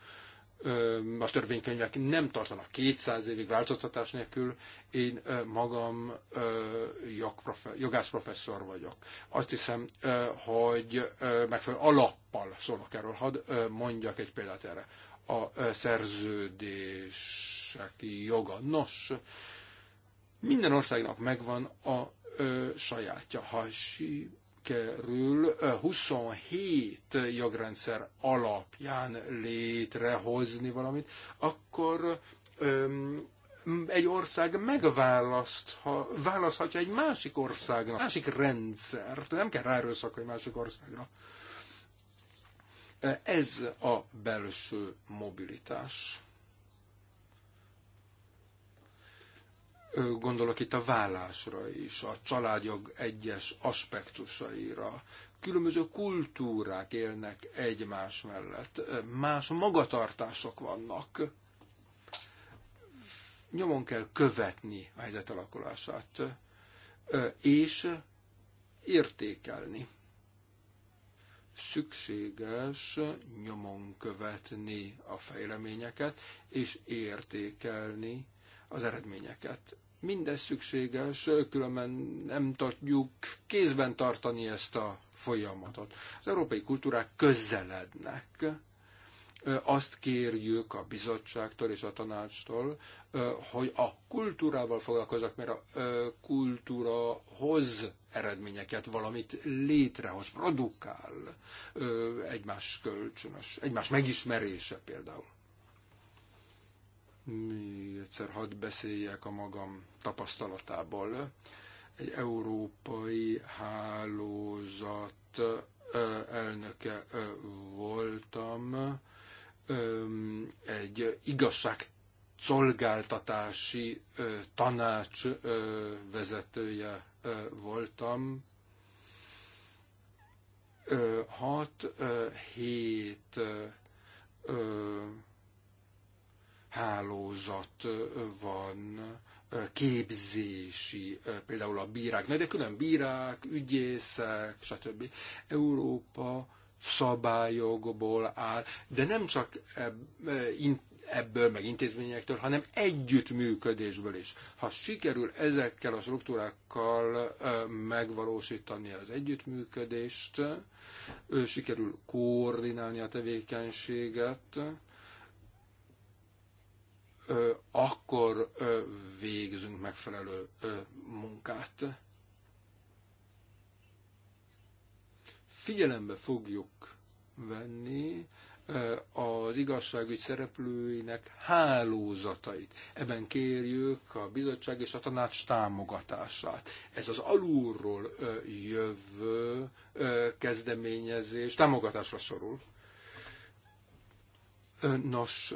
a törvénykönyvek nem tartanak 200 évig változtatás nélkül. Én magam jogász professzor vagyok. Azt hiszem, hogy megfelelő alappal szólok erről. Hadd mondjak egy példát erre. A szerződések joga. Nos, minden országnak megvan a sajátja. Ha kerül 27 jogrendszer alapján létrehozni valamit, akkor öm, egy ország megválaszthatja egy másik országnak, másik rendszert, nem kell ráerőszakolni másik országra. Ez a belső mobilitás. Gondolok itt a vállásra is, a családjog egyes aspektusaira. Különböző kultúrák élnek egymás mellett, más magatartások vannak. Nyomon kell követni a helyzet alakulását, és értékelni szükséges nyomon követni a fejleményeket és értékelni az eredményeket. Mindez szükséges, különben nem tudjuk kézben tartani ezt a folyamatot. Az európai kultúrák közelednek. Azt kérjük a bizottságtól és a tanácstól, hogy a kultúrával foglalkozzak, mert a kultúra hoz eredményeket, valamit létrehoz, produkál egymás kölcsönös, egymás megismerése például. Még egyszer hadd beszéljek a magam tapasztalatából. Egy európai hálózat elnöke voltam, egy igazság szolgáltatási tanács vezetője voltam. Hat, hét hálózat van, képzési, például a bírák, de külön bírák, ügyészek, stb. Európa szabályokból áll, de nem csak ebből, meg intézményektől, hanem együttműködésből is. Ha sikerül ezekkel a struktúrákkal megvalósítani az együttműködést, sikerül koordinálni a tevékenységet, akkor végzünk megfelelő munkát. Figyelembe fogjuk venni az igazságügy szereplőinek hálózatait. Ebben kérjük a bizottság és a tanács támogatását. Ez az alulról jövő kezdeményezés támogatásra szorul. Nos,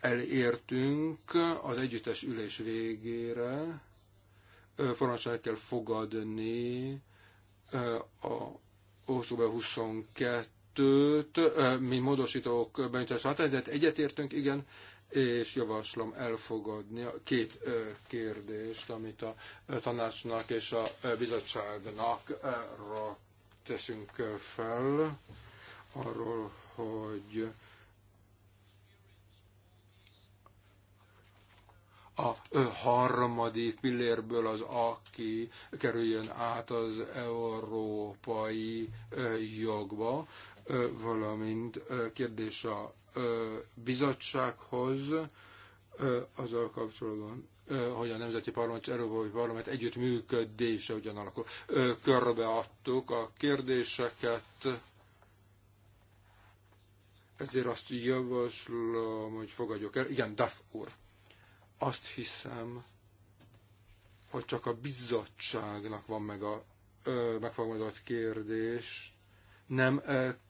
elértünk az együttes ülés végére. Formálisan kell fogadni a Oszóbe 22-t, mi módosítók benyújtása határidőt egyetértünk, igen, és javaslom elfogadni a két kérdést, amit a tanácsnak és a bizottságnak teszünk fel arról, hogy a harmadik pillérből az, aki kerüljön át az európai jogba, valamint kérdés a bizottsághoz azzal kapcsolatban, hogy a Nemzeti Parlament és Európai Parlament együttműködése ugyanakkor körbeadtuk a kérdéseket, ezért azt javaslom, hogy fogadjuk el. Igen, Duff úr. Azt hiszem, hogy csak a bizottságnak van meg a megfogalmazott kérdés, nem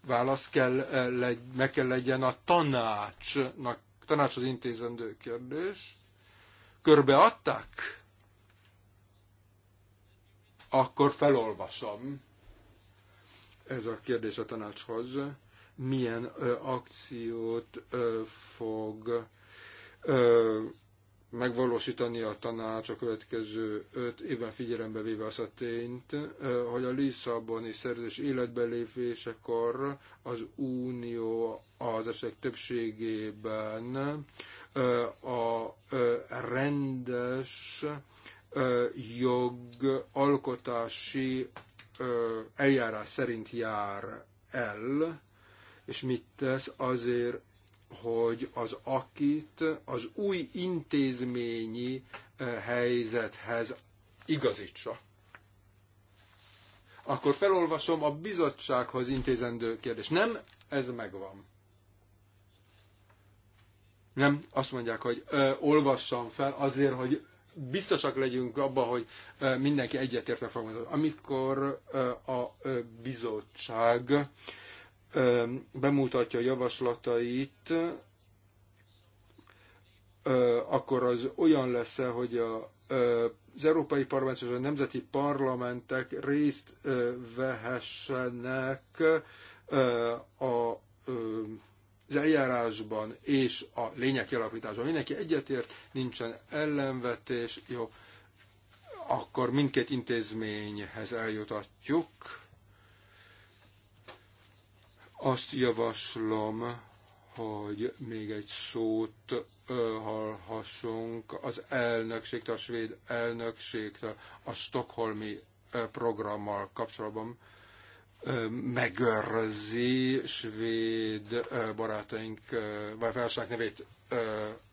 válasz kell, legy, meg kell legyen a tanácsnak, tanácshoz intézendő kérdés. Körbeadták? Akkor felolvasom. Ez a kérdés a tanácshoz. Milyen ö, akciót ö, fog ö, megvalósítani a tanács a következő öt évben figyelembe véve azt a tényt, hogy a Lisszaboni szerzés életbelépésekor az Unió az esetek többségében a rendes jogalkotási eljárás szerint jár el, és mit tesz azért, hogy az akit az új intézményi eh, helyzethez igazítsa. Akkor felolvasom a bizottsághoz intézendő kérdést. Nem, ez megvan. Nem, azt mondják, hogy ö, olvassam fel azért, hogy biztosak legyünk abban, hogy ö, mindenki egyetértve fogadott. Amikor ö, a ö, bizottság bemutatja javaslatait, akkor az olyan lesz -e, hogy a, az Európai Parlament és a nemzeti parlamentek részt vehessenek a az eljárásban és a lényeg kialakításban mindenki egyetért, nincsen ellenvetés, jó, akkor mindkét intézményhez eljutatjuk azt javaslom, hogy még egy szót hallhassunk az elnökségtől, a svéd elnökségtől, a stokholmi programmal kapcsolatban megőrzi svéd barátaink, vagy felság nevét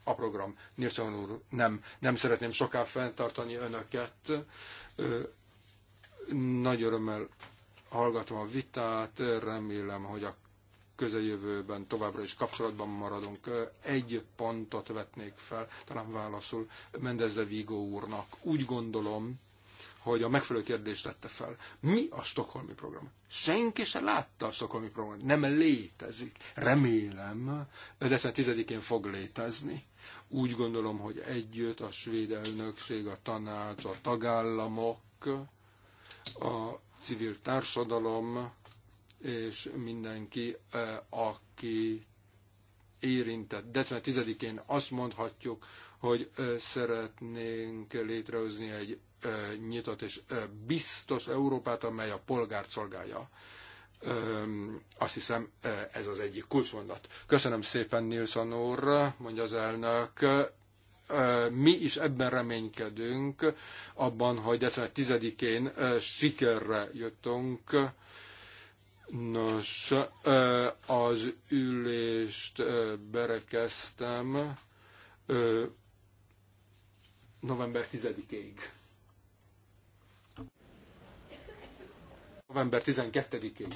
a program. Nilsson úr, nem, nem szeretném soká fenntartani önöket. Nagy örömmel hallgatom a vitát, remélem, hogy a közeljövőben továbbra is kapcsolatban maradunk. Egy pontot vetnék fel, talán válaszul Mendezle Vigo úrnak. Úgy gondolom, hogy a megfelelő kérdést tette fel. Mi a stokholmi program? Senki se látta a stokholmi programot. Nem létezik. Remélem, december 10-én fog létezni. Úgy gondolom, hogy együtt a svéd elnökség, a tanács, a tagállamok, a civil társadalom, és mindenki, aki érintett. December 10-én azt mondhatjuk, hogy szeretnénk létrehozni egy nyitott és biztos Európát, amely a polgárt szolgálja. Azt hiszem, ez az egyik kulcsmondat. Köszönöm szépen, Nilsson úr, mondja az elnök. Mi is ebben reménykedünk, abban, hogy december 10-én sikerre jöttünk Nos, az ülést berekeztem november 10-ig. November 12-ig.